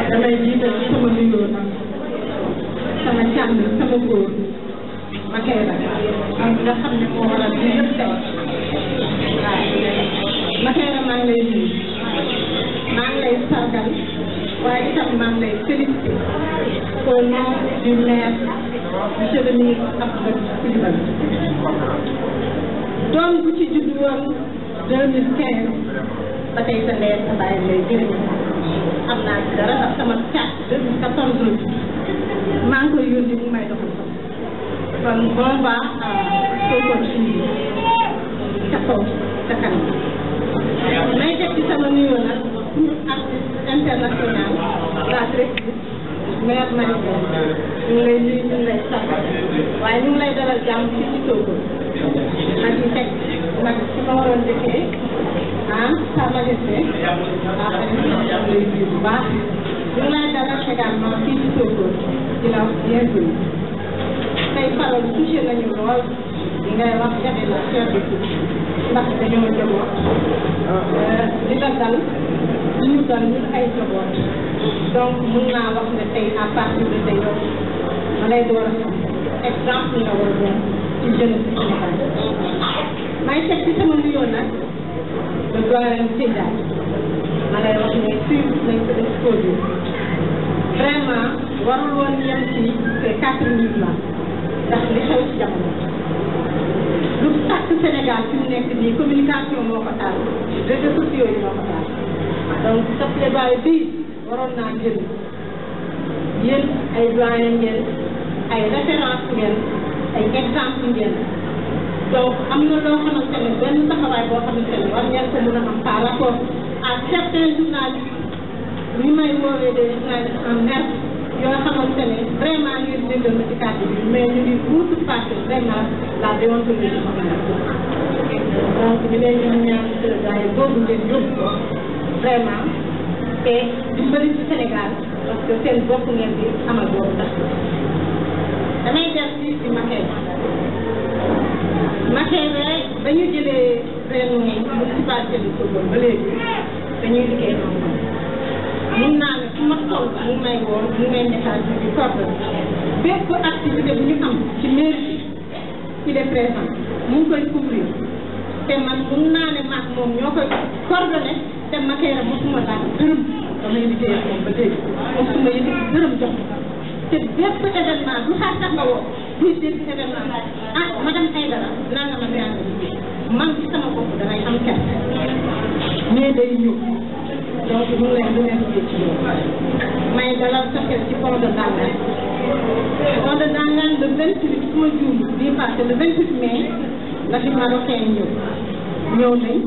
S2: damay jiital ci sama nuyoo nag
S1: sama càmm sama góor ma kay la am nga xam ne moo waral ñu lépp tey waaw ma kay la maa ngi lay sargal waaye itam maa ngi lay félicité au nom du maire monsieur le ministre Abdou Coulibaly doom bu ci juddu woon 2015 ba tey sa ndey sa baay lay jërëjëf am naa ci dara ndax sama carte 2014 maa ngi koy yónni mu may doxal sax kon bon va soo continué ca kaw ca kanam may def ci sama nuyoo nag groupe international la directrice maire Marisol ñu ngi lay nuyu ñu ngi lay sant waaye ñu ngi lay dalal jàmm fii ci Togo ma ci teg ma ci ma waroon dëkkee ah sa majesté waaw Aliou ñu lay nuyu bu baax ñu ngi lay li ngay wax jafe na cher bi ndax dañoo jaboot li la dal li ñu dal ñun ay mun naa wax ne tey à partir de tey ma lay door a exemple nga war a doon ci jeunesse bi Sénégal may teg ci sama nuyoo nag le doyen Sida ma lay wax ne suivre nañ sa exposé vraiment warul woon yem ci quatre minutes la ndax li xew ci jamono lu tax Sénégal fi mu nekk nii communication moo ko taal réseaux sociaux yi moo ko taal donc sa plaidoyer bii waroon naa jël yéen ay doyen ngeen ay référence ngeen ay exemple ngeen donc am na loo xamante ne benn taxawaay boo xamante ne war ngeen ko mën a am par rapport à certains journalistes ñi may woowee des journalistes en herbe yoo xamante ne vraiment ñu ngi leen di ci kàddu bi mais ñu ngi wutu fàtte vraiment la déontologie donc ñu leen ñoom ñaar sërgaye boobu ngeen yóbbu ko vraiment te di bëri ci Sénégal parce que seen bopp ngeen di amal boobu tax damay def ci ci Makeba Makeba ba ñu jëlee ren municipalité bi Sokone ba léegi dañuy liggéey mun naa ma toll mu may woo mu may message bi di soxla bépp activité bu ñu am ci mairie ci des présent mu ngi koy couvrir te man mun naa ne maag moom ñoo koy coordonné te ma kay rek mosuma laaj dërëm damay liggéey ak moom ba léegi mosuma yëngu dërëm jox te bépp événement du xaar sax nga woo buy dégg événement ah madame Aïdara naa nga ma fi ànd man ci sama bopp damay am kerte mais day ñëw donc lu leen lu leen di ci yow may dalal sa xel ci pont de Dangane pont de Dangane le 28 su ma juum bii passé le 28 mai la fi marocain ñëw ñëw nañ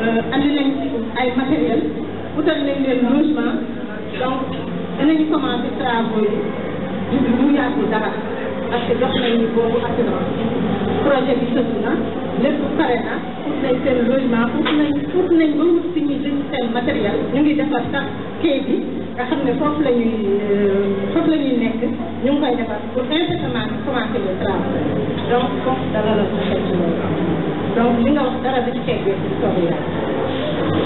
S1: euh, andi nañ ay matériel utal nañ leen logement donc danañu commencé travaux yi du mu yàgg dara parce que jox nañu boobu assurance projet bi sësu na lépp pare na ut nañ seen logement ut nañ ut nañ ba wut si ñu jënd seen matériel ñu ngi defar sax kayit bi nga xam ne foofu la ñuy euh, foofu la ñuy nekk ñu ngi koy defar pour immédiatement commencer le travail donc foofu dara la ko xeetu loolu donc li nga wax dara bi ci kay bee si soog yàlla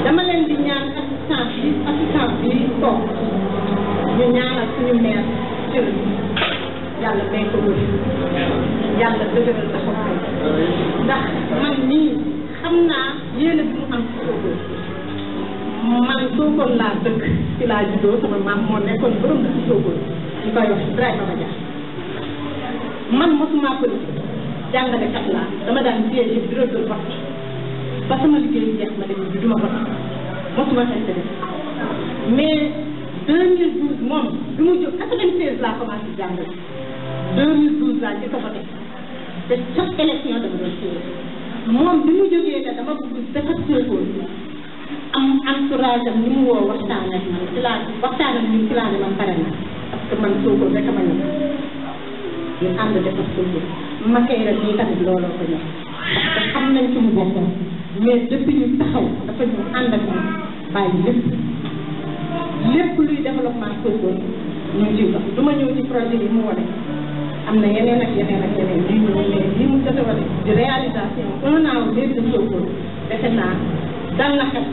S1: dama leen di ñaan assistance bi assistance bi toog ñu ñaanal suñu maire cër yàlla may ko wër yàlla dëgëral taxawaay
S2: ndax man
S1: nii xam naa yéene bi mu am ci Sokone man Sokone laa dëkk ci laa juddoo sama maam moo nekkoon borom dëkk Sokone ñu koy wax Ibrahima Ba Dia man mosuma politique jàngalekat laa dama daan piégé bureau de vote ba sama liggéey jeex ma dem bi duma vote mosuma intérêt mais 2012 moom bi mu jóg 96 laa commencé jàngale 2012 laa njëkk a voté te chaque élection dama doon suivre moom bi mu jógee ne dama bëgg dafa suivre am entourage am ni mu woo waxtaan ak man ci laa waxtaan ak ñun ci laa man pare na parce que man Sonko rek ma ñëw ñu ànd defar Sonko makay rek ñii tamit looloo ko ñor te xam nañ ci mu bokkoon mais depuis ñu taxaw mu wane am na yeneen ak yeneen ak yeneen yu ñu ne lii mu jot a wane di réalisation un an wu léegi de Sokone defe naa dal na xel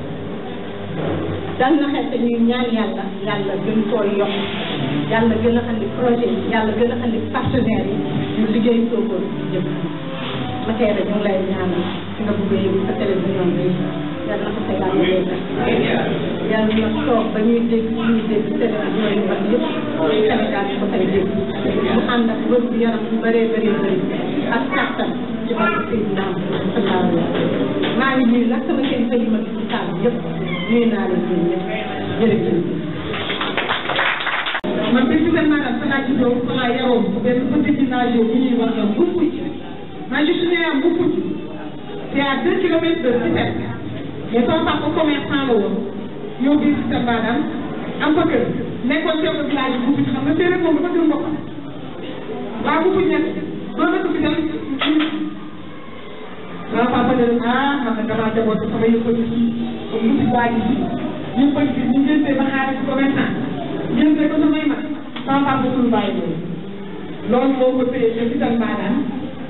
S1: dal na xel te ñuy ñaan yàlla yàlla gën koo yokk yàlla gën a andi projet yi yàlla gën a andi partenaires yi ñu liggéey Sokone jëm ma tey rek ñu ngi lay ñaanal fi nga bëggee yëngu sa télévision bi. yàlla na ko fa yàlla def yàlla na toog ba ñuy dégg ñuy dégg Sénégal yooyu man yëpp Sénégal ko fay dégg mu ànd ak wér gu yaram bu bëree bëri bëri ak kàttan ci wàllu sëñ naam sallallahu alayhi wa sallam maa ngi nuyu nag sama kilifa yi ma gis taal yëpp nuyu naa leen ñun ñëpp jërëjëf man bi ci mel maanaam fanaa ci doom fanaa yaroom bu benn bëgg ci naa yow bu ñuy wax la Mboucouti man je suis né à Mboucouti c'est à deux kilomètres de Sipek mais sama papa commerçant la woon ñëw biir Kër Badane am fa kër nekkoon chef de village bu ci xam nga séeréer moom dafa gën boppam waaw bu buñ nekk doo dëkk bi dem sama papa ne ah man nag damaa jaboot sama yëngal ci comme ci waa ji yëngal ci ñu jëndee ba xaaral ci commerçant jëndee ko samay mag sama papa suñu bàyyi loolu moo ko téye ci Kër Badane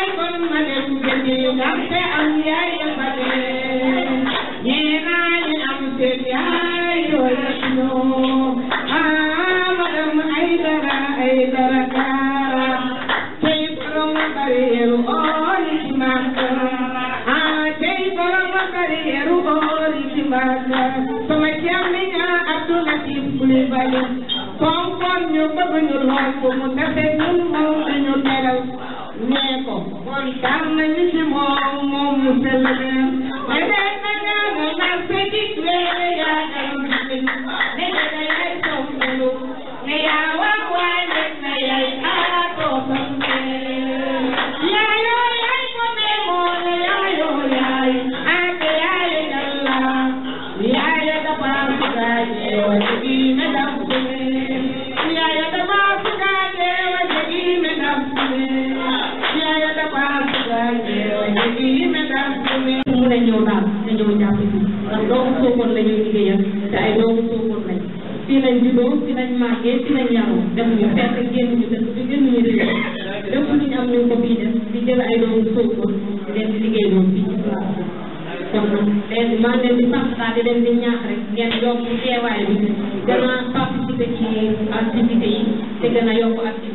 S1: i kon ñu bëgg ñu xool ko mu tafe ñun moom suñu teral Carmen y Simón, Montevideo. fois di leen di ñaax rek ngeen yokk teewaay bi gën a participer ci activités i te gën a yokk activité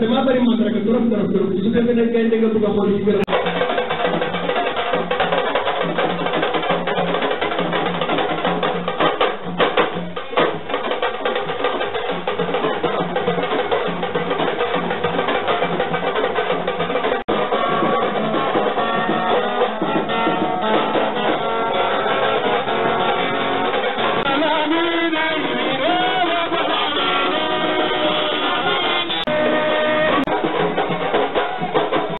S1: damaa bëri mandarga trop trop trop su fekkee ne gaynde nga bëgg a xool ci biir